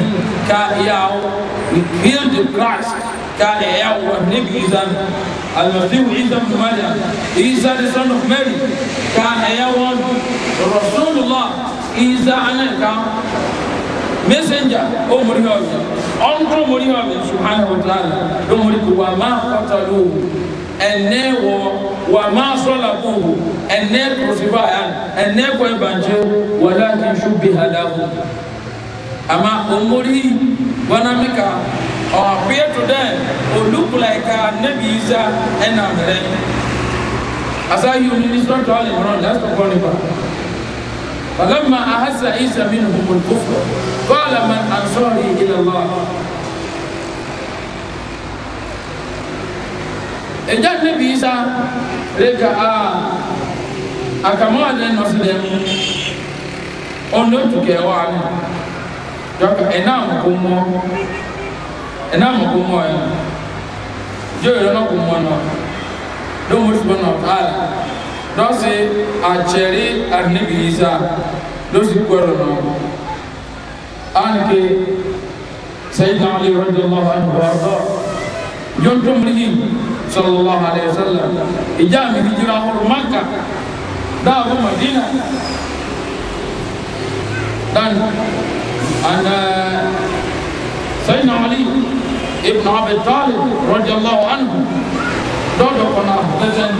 B: ka yao we killed christ ka yao wa nabi izan al-masih isa ibn maryam isa the son of mary ka yao rasulullah isa anaka messenger o mori hɔ ɔn tó mori hɔ mi subhanahu wa ta'ala ko wa ma kɔtɔ do ɛnɛ wɔ wa maa sɔla kuhu ɛnɛ kɔsifa yan ɛnɛ kɔɛ banjɛ wala kinsu bi halahu ama omori wanamika ɔhakuye to dɛ olukulaika nabi isa ɛna mɛrɛ asa yi oni ni sɔrɔ tɔɔli mɔrɔ lɛsɛ kɔli ba falama ahasa isa minnu kofɔ kɔɔla ma ɛgya hwɛ bi sa reka a akamoade no se dɛ mu ɔno tukɛ hɔ ano dɔka ɛnam kommɔ ɛnam kommɔ ɛ joyɛ no kommɔ no domo subhanahu wa ta'ala dɔsi akyɛri anabi isa lɔsi kɔrɔ no anke sayyidina ali radiyallahu anhu wa arda yɔntomrihim sallallahu alayhi wa sallam ìjà mi ti jira horo maka dáàbò madina dan and uh, sayyidina ali ibn abi talib radiyallahu anhu dɔdɔ kɔnɔ lɛsɛn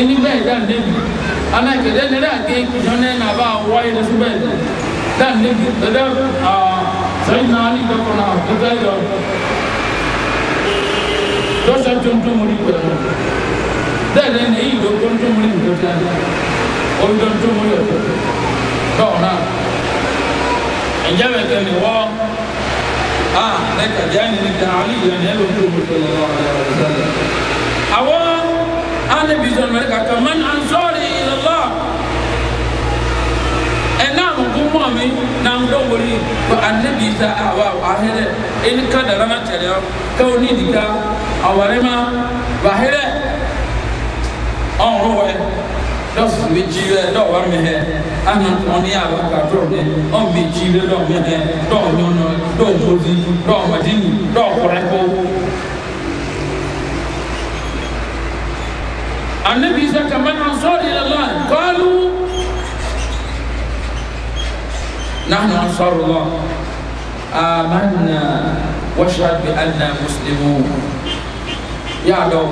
B: ini bɛɛ dan nebi ana kɛlɛ nira ke jɔnɛ na ba wɔyi lɛsɛ dan nebi lɛdɛ sayyidina ali dɔ kɔnɔ lɛsɛn dɔsɔ tuntun mu ni kɔnɔ dɛlɛ ne yi do tuntun mu ni kɔnɔ ta la o tuntun mu yɛ kɔnɔ tɔɔna ɛjɛbɛ tɛ ni wɔ a ne ka diya ni ne ta ali yɛ ne bɛ tu mu tɔlɔ lɔɔre awɔ an ne bi sɔn mɛ ka kɛ man an sɔn. wuri nan do wuri ko annabi ta awa wa hele in ka da rana tare ka woni dika aware ma wa hele on rowe do mi jiwe do war mi he an on ya wa ka do ne on mi jiwe do mi he do nyono do mozi do madini do koreko annabi sa kaman ansar ila allah qalu نحن أنصار الله آمنا واشهد بأننا مسلمون يا دو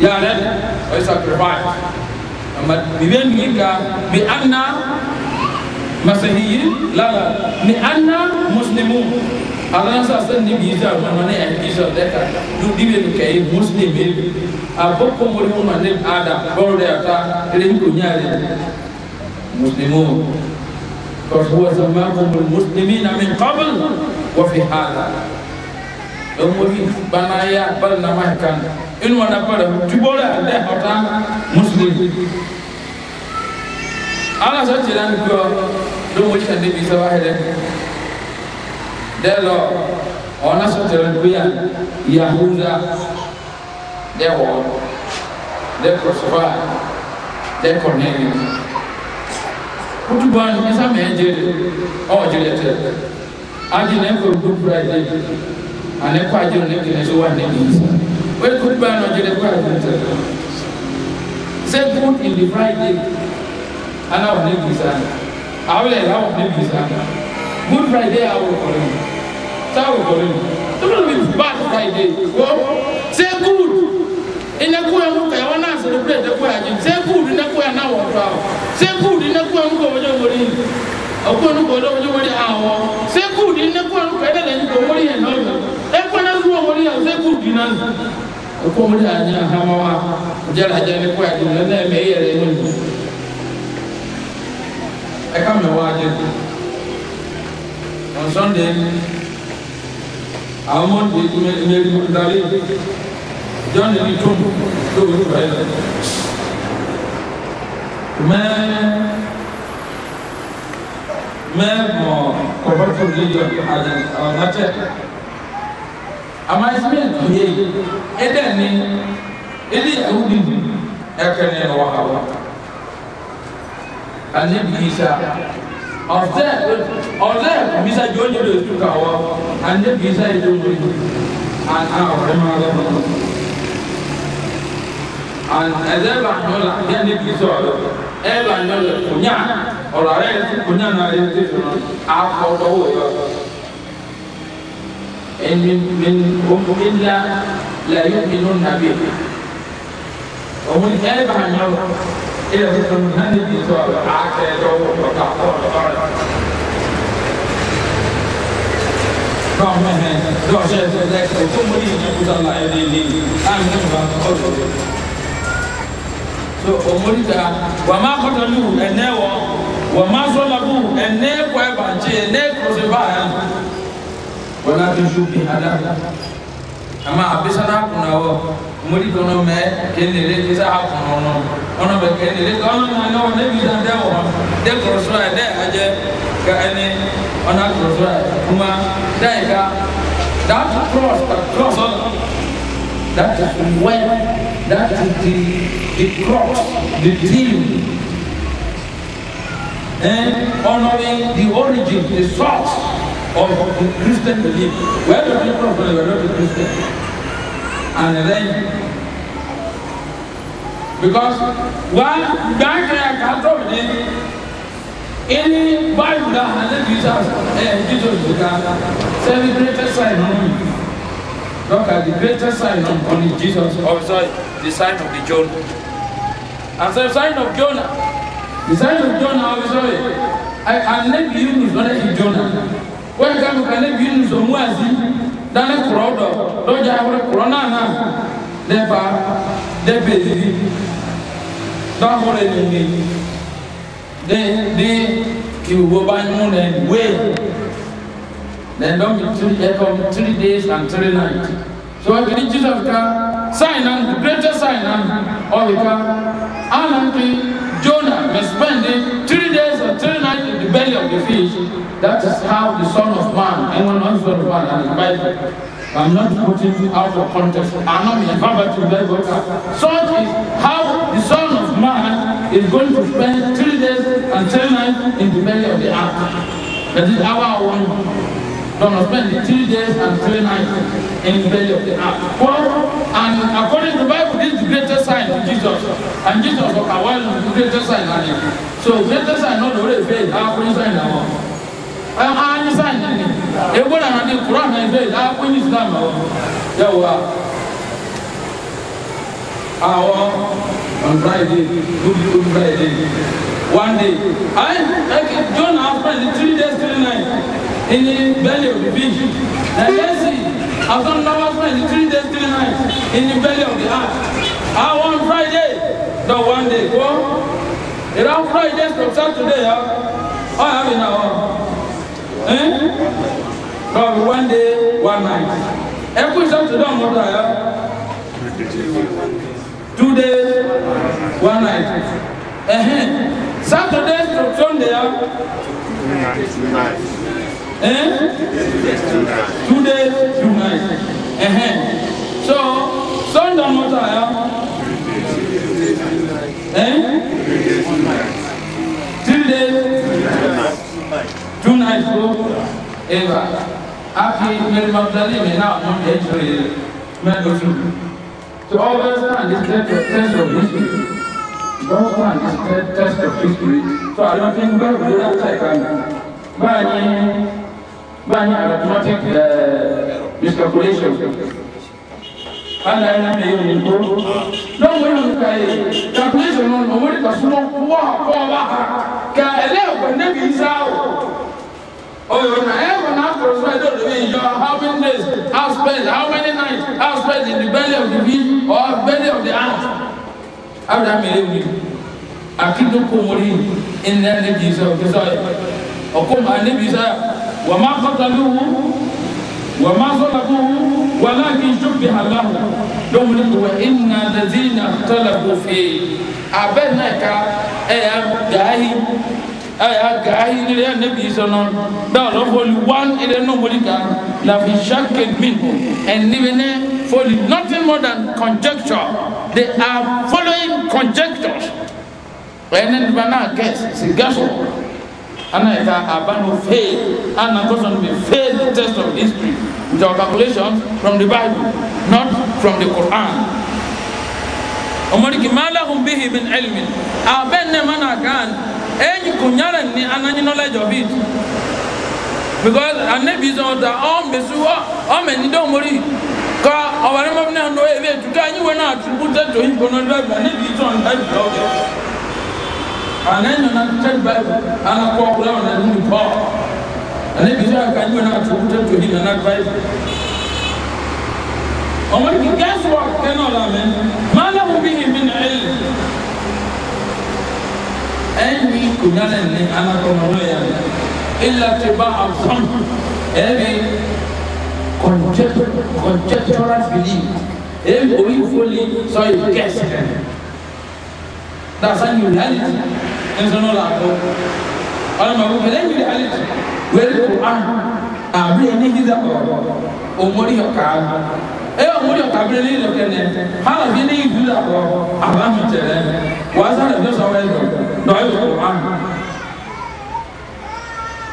B: يا رب وي ساكريفايس أما بين ميكا بأننا مسيحيين لا لا بأننا مسلمون ala sa san ni biza ma ma ne en biza de ka du dibe ni kay muslim bi a bokko mo ni ma ne ada bawde ata re ko nyaare muslimu قد هو سماكم المسلمين من قبل وفي هذا omori banaya bal na mahkan in wana bala tubora de hota muslim ala sa tiran ko do mo chan de bisa wahede de lo ona so tiran ko ya yahuda de wo de prosper de cornelius kutuban ɛsɛ mɛ ɛgye ɔɔgyere tɛ agye na ɛkɔ good friday ana ɛkɔ agyere na ɛgye na ɛsɛ wɔn ani nsa wɔyɛ kutuban na ɔgyere ɛkɔ agyere tɛ sɛ good in the friday ana wɔn ani nsa awolɛ ɛla wɔn ani nsa good friday awo kɔlɔn sɛ awo kɔlɔn tɔmɔdɔ bi bad friday wɔ sɛ good ɛnɛkɔ ɛwɔ kɛ wɔn na asɛ ɛkɔ ɛdɛkɔ ɛgye sɛ good ɛnɛkɔ ɛna wɔ tɔ awɔ sɛ good ɛnɛkɔ ɛmu kɔ wɔ okonu ko do wori awo se ku di ne ko ko de le ko wori e no e ko na ru wori ya se ku di nan ko wori a nya ha ma wa jara ja ne ko ya di ne me yere ni e ka me wa je on sunday àwọn ọmọ ìdí ìdí ìdí ìdarí john ìdí tó tó wúlò báyìí mẹ́ẹ̀ẹ́ memo convert religion as an alternative. Amazement yie ɛdɛ e, e ni ɛdi ɛwudi ɛkɛnɛ wɔ ha wɔ ani bisa ɔsɛ ɔsɛ bisa jɔnjɔ de tu ka wɔ ani bisa yi jɔnjɔ an a ɔrɛ ma lɛ. ɛzɛ ba nyɔ la yanni bi sɔrɔ ɛ ba nyɔ la kunya ɔlɔ ayɛ ti kunya na ayɛ ti sɔrɔ akɔdɔ wo yɔ ɛni ɛni ɔmu ila la yɔ minnu nabi ɔmu ɛ ba nyɔ la ɛ yɛ ti sɔrɔ yanni bi sɔrɔ akɛdɔ wo yɔ ka kɔdɔ ɔrɛ. Dɔw mɛ hɛn dɔw sɛ sɛ sɛ o tó mo ní ìyẹn kúta la ɛ lé lé a yẹ kó ba kɔdɔ. so omori da wama kɔtɔlu ɛnɛ wɔ wama zɔlabu ɛnɛ kɔɛ bantse ɛnɛ kɔsɛ baaya wala tusu bi ala ama abisana kunna wɔ omori kɔnɔ mɛ kenere kisa akɔnɔ nɔ ɔnɔ bɛ kenere ɔnɔ na nɔ ne bi da dɛ wɔ dɛ kɔrɔsɔ yɛ dɛ ajɛ ka ɛni ɔna kɔrɔsɔ yɛ kuma dɛ yi ka that cross that cross ɔn that that is the the crop the theme and honouring the origin the source of the christian belief where the people of the were not christian and then because one gbàgbé àkàtọ̀ mi ní báyìí náà alẹ́ bíi Jesus, ẹ eh, jesus bí ká celebrate sign on me look at the greatest sign on on jesus of oh, sorry the sign of the Jonah. As so the sign of Jonah, the sign of Jonah of Israel, Anabi Yunus lọ́dẹ̀ yìí Jonah. Wọ́n ká mi kànábi Yunus ọ̀mú àti dáná kúrọ̀ dọ̀ lọ́jà àwọn kúrọ̀ náà náà dẹ́ba dẹ́bẹ̀ yìí dáhùrẹ́ nìyí. Dé dé kí gbogbo bá ń mú lẹ́nu wéè. Lẹ́nu mi three days and three nights so ɛdini jesus ka sign and the greatest sign and ɔbi ka ananke jonah may spend three days or three nights in the belly of the fish that is how the son of man anyone who is son of man and the bible. I'm not putting out of context. I'm not in poverty very good. Such is how the Son of Man is going to spend three days and three nights in the belly of the earth. That is our one Don't spend the three days and three nights in the belly of the earth. For, and according to the Bible, this is the greatest sign of Jesus. And Jesus was a well the greatest sign. So greatest sign not the way faith, how we sign now. And any sign, a word and the Quran and faith, how we Islam. There were. Our on Friday, good good Friday. One day. I, I John after the three days, three nights ini belly of the fish na yesi after number five in three days three nights in the belly of the heart. ah one friday the one day go around friday from saturday ah huh? oh have it now eh no one day one night ẹkú saturday ọmọ ọdọ ya two days one night ẹhẹn eh, eh. saturday from sunday ah eh? two days two nights uh -huh. so sunday mota ya eh? three days two nights go eva afi mary magdalene mi náà mo dey three mẹ́rin two so always plan this test of history don't plan this test of history so i don't think well we don check am báyìí báyìí arithmetic miscalculation ana yi na yi ni ko n'o mo yi calculation n'o mo wuli ka suma wa kɔba ka ɛlɛ o ne bi sa
C: o o yoo na ɛ o na kɔrɔ sɔrɔ ɛdɔ de bi yɔ
B: how many days how spend how many nights how spend in the belly of the bee or belly of the ant aw da mi ye wuli a kiri ko mori ɛ nɛ ne bi sa o kɛ sɔ ma ne bi sa. وما قتلوه وما صلبوه ولكن شبه له لهم وإن الذين اختلفوا فيه أبنك أيا جاهي أيا جاهي إلى النبي صلى الله عليه وسلم دار إلى نمولك لا في شك منه and even for nothing more than conjecture they are following conjectures and then banana guess it's guess ana ɛka aban o fail ana question be fail test of history with our calculations from the bible not from the quran ɔmɔdiki malahum bihi min ilmin abɛn ne mana kan ɛnyi kunyara ni ananyi knowledge of it because anabi sɔn ta ɔmɛsi wɔ ɔmɛni dɔmɔri ka ɔbɛrɛ mɔbi ne yɛn do ebe tuka anyi wɛ na atubu tɛ to yi kɔnɔ dɔ anabi sɔn ta bi dɔ kɛ ana nana tɛn ba ana kɔ wula wana ni kɔ ale bi sɔrɔ ka ɲɔgɔn na tugu tɛ joli nana ba ye ɔmɔ ni gɛɛsi wa kɛnɛ o la mɛ maa la ko bi hin mi na e le ɛ ni kunya la ni ana kɔnɔ n'o ye yan e ti ba a faamu ɛ bi kɔnjɛ tɔra fili ɛ o yi foli sɔ ye gɛɛsi da san yuri haliti in sun nuna ko wani mabu belen yuri haliti wani kur'an abu ya ne hiza o mori ya ka e o mori ya ka bi ne lokan ne ha bi ne yizu da ko aba mi tere wa sa da so wa do do ayi kur'an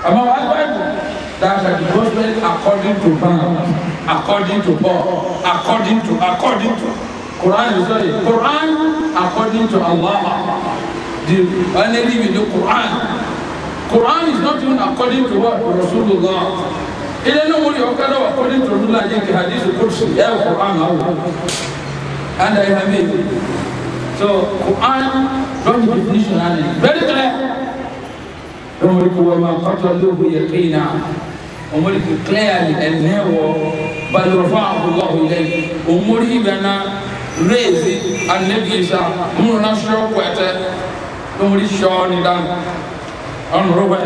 B: amma wa ba that shall be gospel according to Paul according to Paul according to according to Quran is sorry
C: Quran according to
B: Allah the only we do Quran Quran is not even according to what Rasulullah ilé ní wúri ọ̀kadà wà according to Rasulullah yẹn kì hadith kùrùsì ẹ̀ Quran àwọn and I have it so Quran from the definition and it very clear ọmọdé kò wọ́n máa kọ́tọ̀ lóhu yẹ kéèna ọmọdé kò clearly ẹ̀ ní wọ́ balùwẹ̀ fún àbúrò ọ̀hún ilé ọmọdé ibẹ̀ náà. raise annabiisa mun na
C: sho kwete
B: tumuri sho ni dan an ruba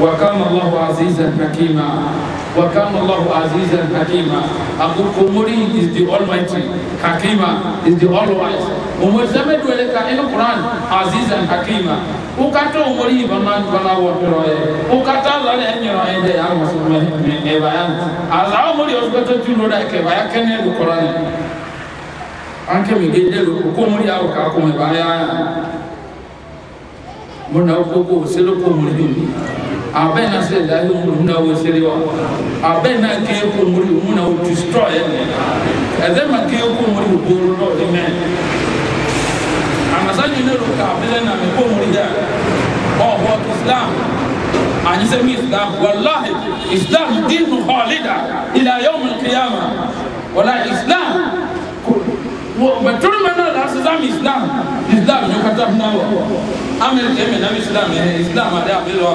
B: wa kana allah azizan hakima wa azizan hakima aku kumuri is the almighty hakima is the all wise umuri zame dwele ka in quran azizan hakima ukata umuri bana bana wa roye ukata la ne nyoro ende ya musulmi ne bayan azawo muri osgoto tuno da ke bayan kenan quran anke mi gendelo ko mo ya ka ko mo ba ya mo na ko ko se lo ko mo ni abe na se la yo mo na wo se le wa abe na ke ko mo ni mo na wo destroy e de ma ke ko mo ni bo lo de me amasa ni lo ka be na me ko mo ni da o oh, ho islam ani se mi islam wallahi islam din khalida ila yawm al qiyamah wala islam mɛtɔn mɛ náà lásán islam islam islam yóò kata fún wa amẹrika ẹmẹ náà islam ẹ ah, islam adé abẹlẹ wa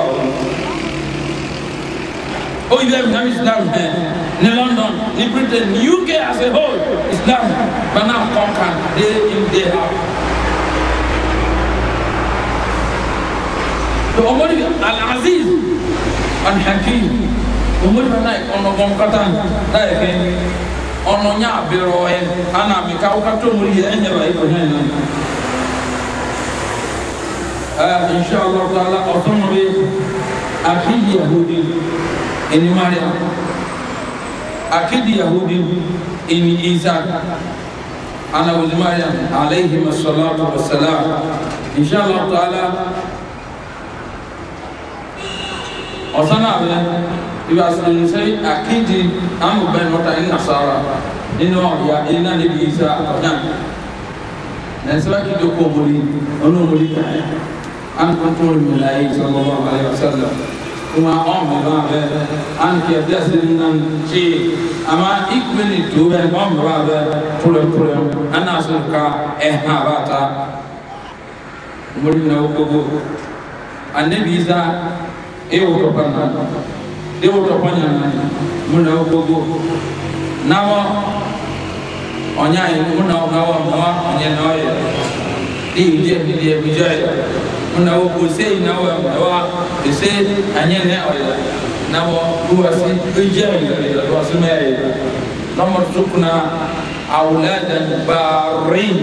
B: o yìí lẹ́yìn náà islam ẹ ní london ní britain ní uk as a whole islam bana kọ̀ọ̀kan day in day ah. out. to omori alaziz alhakim omori bana ọ̀nà kọ̀ọ̀kan náà yẹ eh, kẹ́ ɔno nya abere ɔyɛ ana mika wokatɔ mu yɛ ɛnyɛ e, ba ɛkɔ nyɛ nan inshallah taala ɔtɔn bi akidi yahudi ɛni Maria akidi yahudi ɛni isak ana wuli mariam alayhi masalatu wasalam
C: inshallah taala
B: ɔsan ibi asanan sɛ akidi amu bɛn nɔta ɛna sara ɛna ɔya ɛna ne bi sa ɔnya nansi wa kidi kɔ mɔli ɔno mɔli kan an kɔntɔn mɛla yi sallallahu alaihi wa sallam kuma ɔn mɛ ba bɛ an kɛ dɛsɛ nan tse ama ikpe ni to bɛ ɔn ba bɛ pulɛ pulɛ an na ka ɛhɛn b'a ta mɔli na o ko anabi sa e wo na debo to panya na muna ogogo nawo onya e muna ogawa nawa onya nawa ye di uje di di uje muna ogo sei nawa nawa ese anya ne oya nawo duwasi uje ile duwasi me namar zukna auladan barin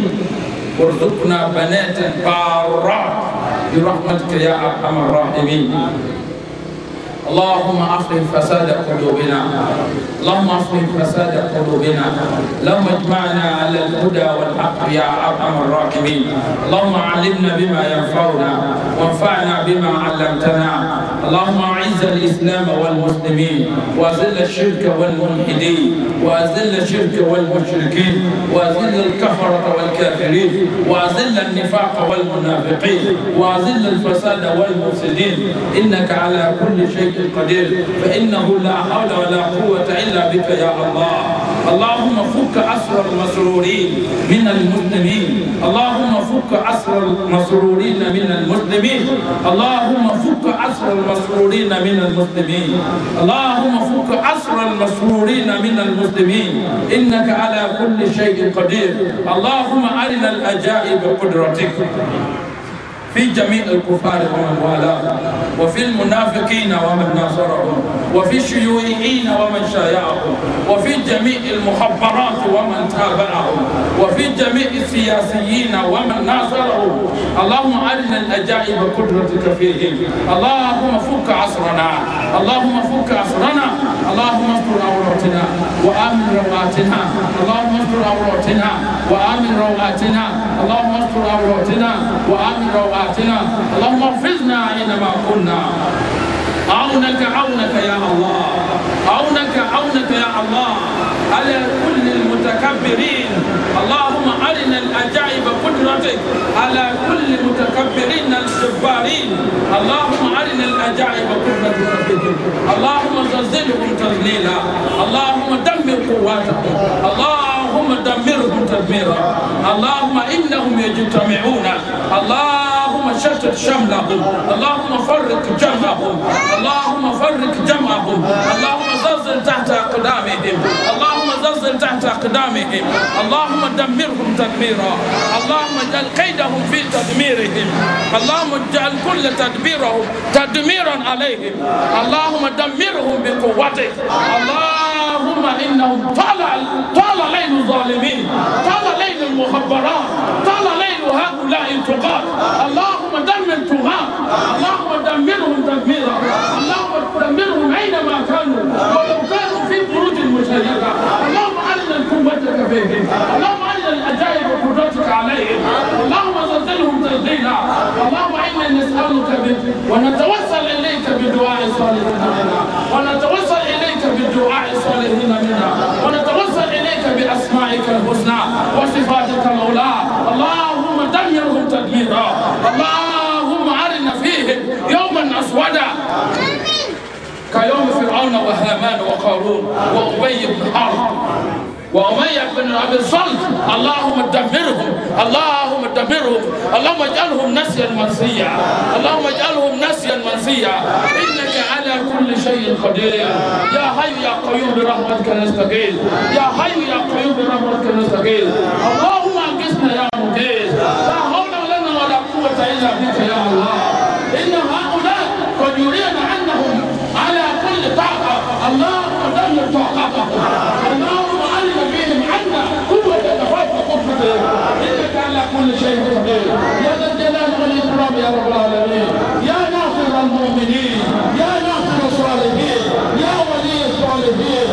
B: warzuqna banatan barat برحمتك يا ارحم الراحمين اللهم افرغ فساد قلوبنا اللهم افرغ فساد قلوبنا اللهم اجمعنا على الهدى والحق يا ارحم الراحمين اللهم علمنا بما ينفعنا وانفعنا بما علمتنا اللهم اعز الاسلام والمسلمين واذل الشرك والملحدين واذل الشرك والمشركين واذل الكفرة والكافرين واذل النفاق والمنافقين واذل الفساد والمفسدين انك على كل شيء القدير فإنه لا حول ولا قوة إلا بك يا الله اللهم فك أسر المسرورين من المسلمين اللهم فك أسر المسرورين من المسلمين اللهم فك أسر المسرورين من المسلمين اللهم فك أسر المسرورين من المسلمين إنك على كل شيء قدير اللهم أرنا الأجائب قدرتك في جميع الكفار ومن والاهم وفي المنافقين ومن ناصرهم وفي الشيوعيين ومن شايعهم وفي جميع المخبرات ومن تابعهم وفي جميع السياسيين ومن ناصرهم اللهم أرنا الأجائب قدرتك فيهم اللهم فك عصرنا اللهم فك عصرنا اللهم استر عوراتنا وآمن رواتنا اللهم استر عوراتنا وآمن رواتنا اللهم استر عوراتنا وآمن رواتنا صلواتنا اللهم احفظنا اينما كنا عونك عونك يا الله عونك عونك يا الله على كل المتكبرين اللهم أرنا الأجائب قدرتك على كل المتكبرين الجبارين اللهم أرنا الأجائب قدرتك اللهم زلزلهم تذليلا اللهم دمر قواتهم اللهم اللهم دمرهم تدميرا اللهم إنهم يجتمعون اللهم شتت شملهم اللهم فرق جمعهم اللهم فرق جمعهم اللهم زلزل تحت أقدامهم اللهم زلزل تحت أقدامهم اللهم دمرهم تدميرا اللهم اجعل قيدهم في تدميرهم اللهم اجعل كل تدبيرهم تدميرا عليهم اللهم دمرهم بقوتك اللهم البراء طال ليل هؤلاء التقاة اللهم دمر طغاة اللهم دمرهم تدميرا اللهم دمرهم اينما كانوا ولو كانوا في بروج مشيدة اللهم علم قوتك فيهم اللهم علم العجائب قدرتك عليهم اللهم زلزلهم تزليلا اللهم انا نسالك ونتوسل اليك بدعاء الصالحين منا ونتوسل اليك بدعاء الصالحين منا ونتوسل اليك باسمائك الحسنى تدميرا اللهم أرنا فيهم يوما أسودا كيوم فرعون وهامان وقارون وأبي
C: بن حرب
B: وأمية بن أبي صلت اللهم دمرهم اللهم دمرهم اللهم اجعلهم نسيا منسيا اللهم اجعلهم نسيا منسيا إنك على كل شيء قدير يا حي يا قيوم برحمتك نستقيل يا حي يا قيوم برحمتك نستقيل اللهم أنقذنا يا مجيد قوة إلا بك يا الله إن هؤلاء قد يريد عنهم على كل طاقة الله قدر طاقتهم اللهم علم فيهم عنا قوة تفوق قدرتهم إنك على كل شيء قدير يا ذا الجلال والإكرام يا رب العالمين يا ناصر المؤمنين يا ناصر الصالحين يا ولي الصالحين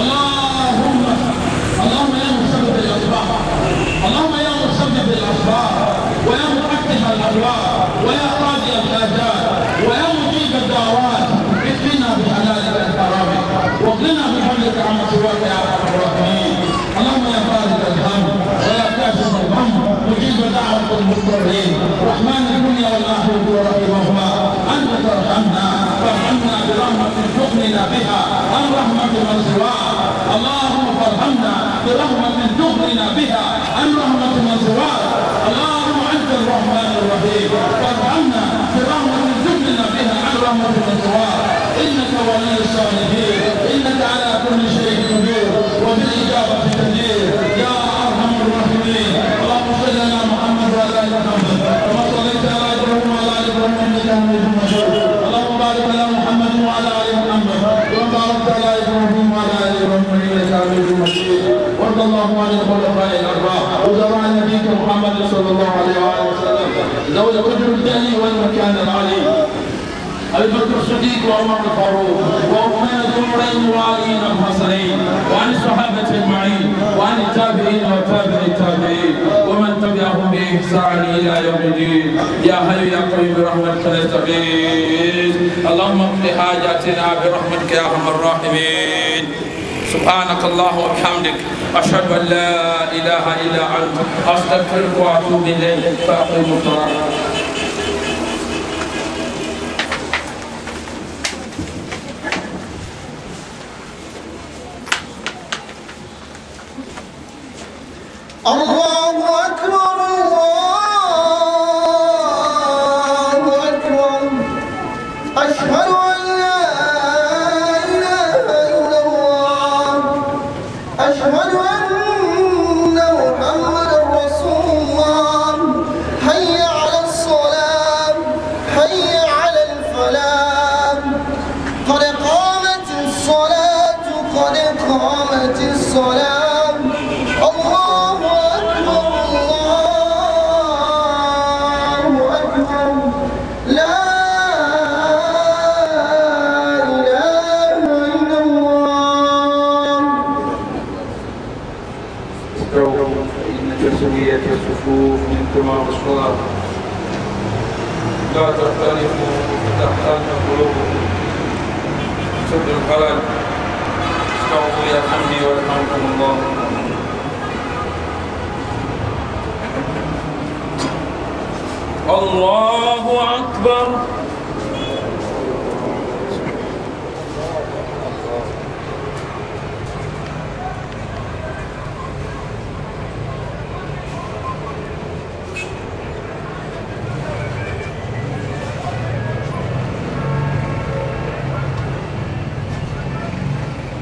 B: اللهم إنك أنت الواقع على الراحمين اللهم يا خالق الهم ويا كاشف الغم مجيب دعوة المضطرين رحمن الدنيا والآخرة ورحمهما أنت ترحمنا فارحمنا برحمة تغننا بها عن رحمة من سواك اللهم فارحمنا برحمة تغننا بها عن رحمة من سواك اللهم أنت الرحمن الرحيم فارحمنا برحمة تغننا بها عن رحمة من سواك إنك ولي الصالحين إنك على كل شيء قدير وبالإجابة تدير يا أرحم الراحمين الصديق وعمر الفاروق وعثمان ذو النورين وعلي الحسنين وعن الصحابه اجمعين وعن التابعين وتابع التابعين ومن تبعهم باحسان الى يوم الدين يا حي يا قيوم برحمتك نستغيث اللهم اقض حاجاتنا برحمتك يا ارحم الراحمين سبحانك الله وبحمدك أشهد أن لا إله إلا أنت أستغفرك وأتوب إليك فأقم الصلاة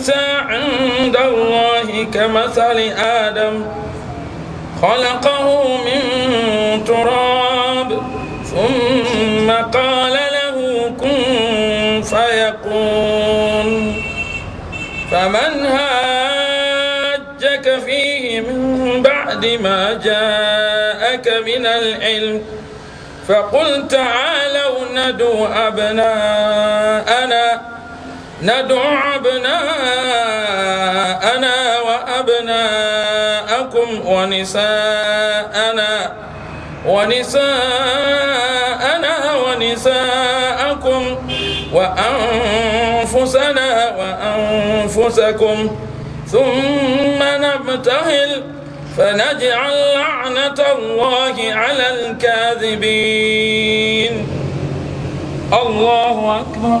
B: عيسى عند الله كمثل آدم خلقه من تراب ثم قال له كن فيكون فمن هاجك فيه من بعد ما جاءك من العلم فقل تعالوا ندوا أبناءنا ندعو أبناءنا وأبناءكم ونساءنا ونساءنا ونساءكم وأنفسنا وأنفسكم ثم نبتهل فنجعل لعنة الله على الكاذبين الله أكبر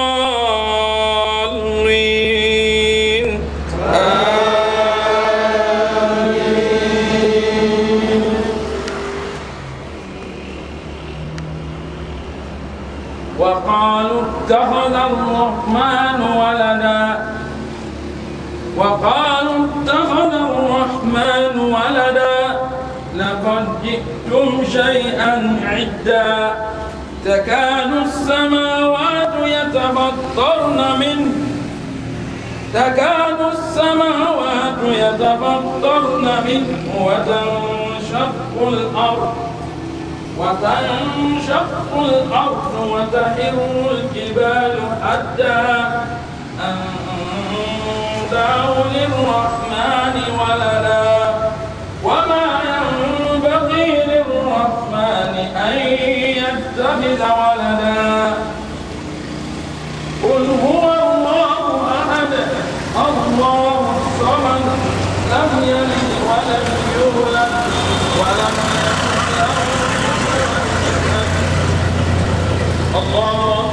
B: الرحمن ولدا وقالوا اتخذ الرحمن ولدا لقد جئتم شيئا عدا تكاد السماوات يتفطرن منه تكاد السماوات يتفطرن منه وتنشق الأرض وتنشق الأرض وتحر الجبال حتى أن دعوا للرحمن ولدا وما ينبغي للرحمن أن يتخذ ولدا قل هو الله أحد الله
A: الله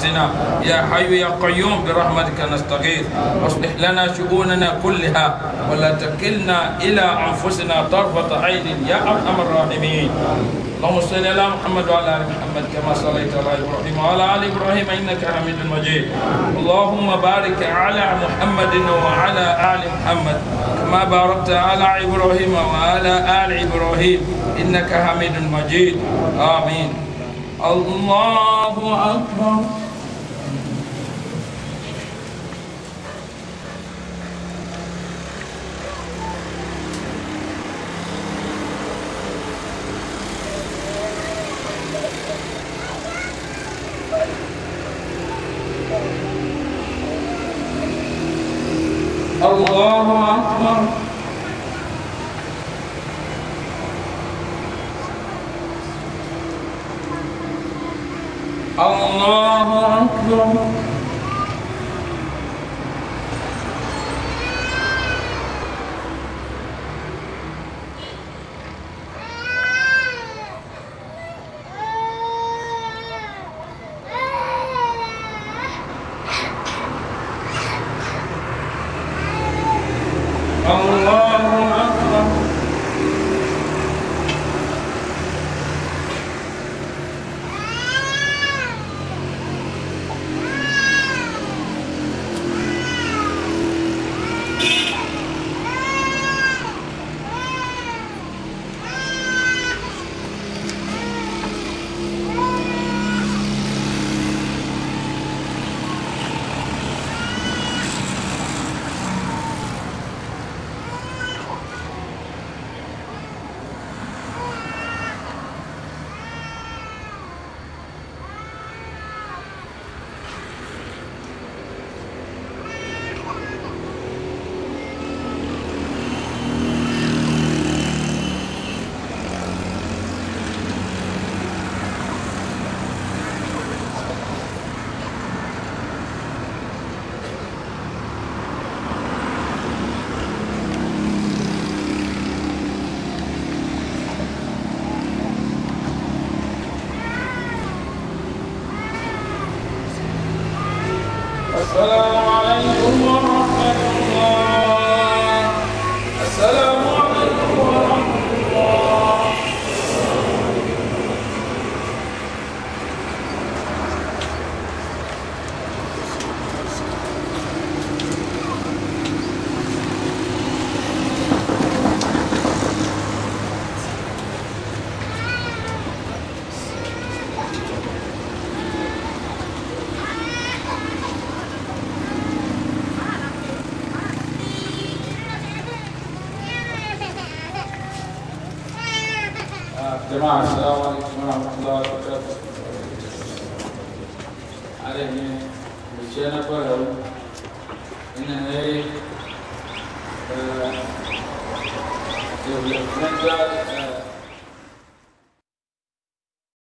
B: أوقاتنا يا حي يا قيوم برحمتك نستغيث اصلح لنا شؤوننا كلها ولا تكلنا إلى أنفسنا طرفة عين يا أرحم الراحمين اللهم صل على محمد وعلى ال محمد كما صليت على ابراهيم وعلى ال ابراهيم انك حميد مجيد اللهم بارك على محمد وعلى ال محمد كما باركت على ابراهيم وعلى ال ابراهيم انك حميد مجيد امين الله اكبر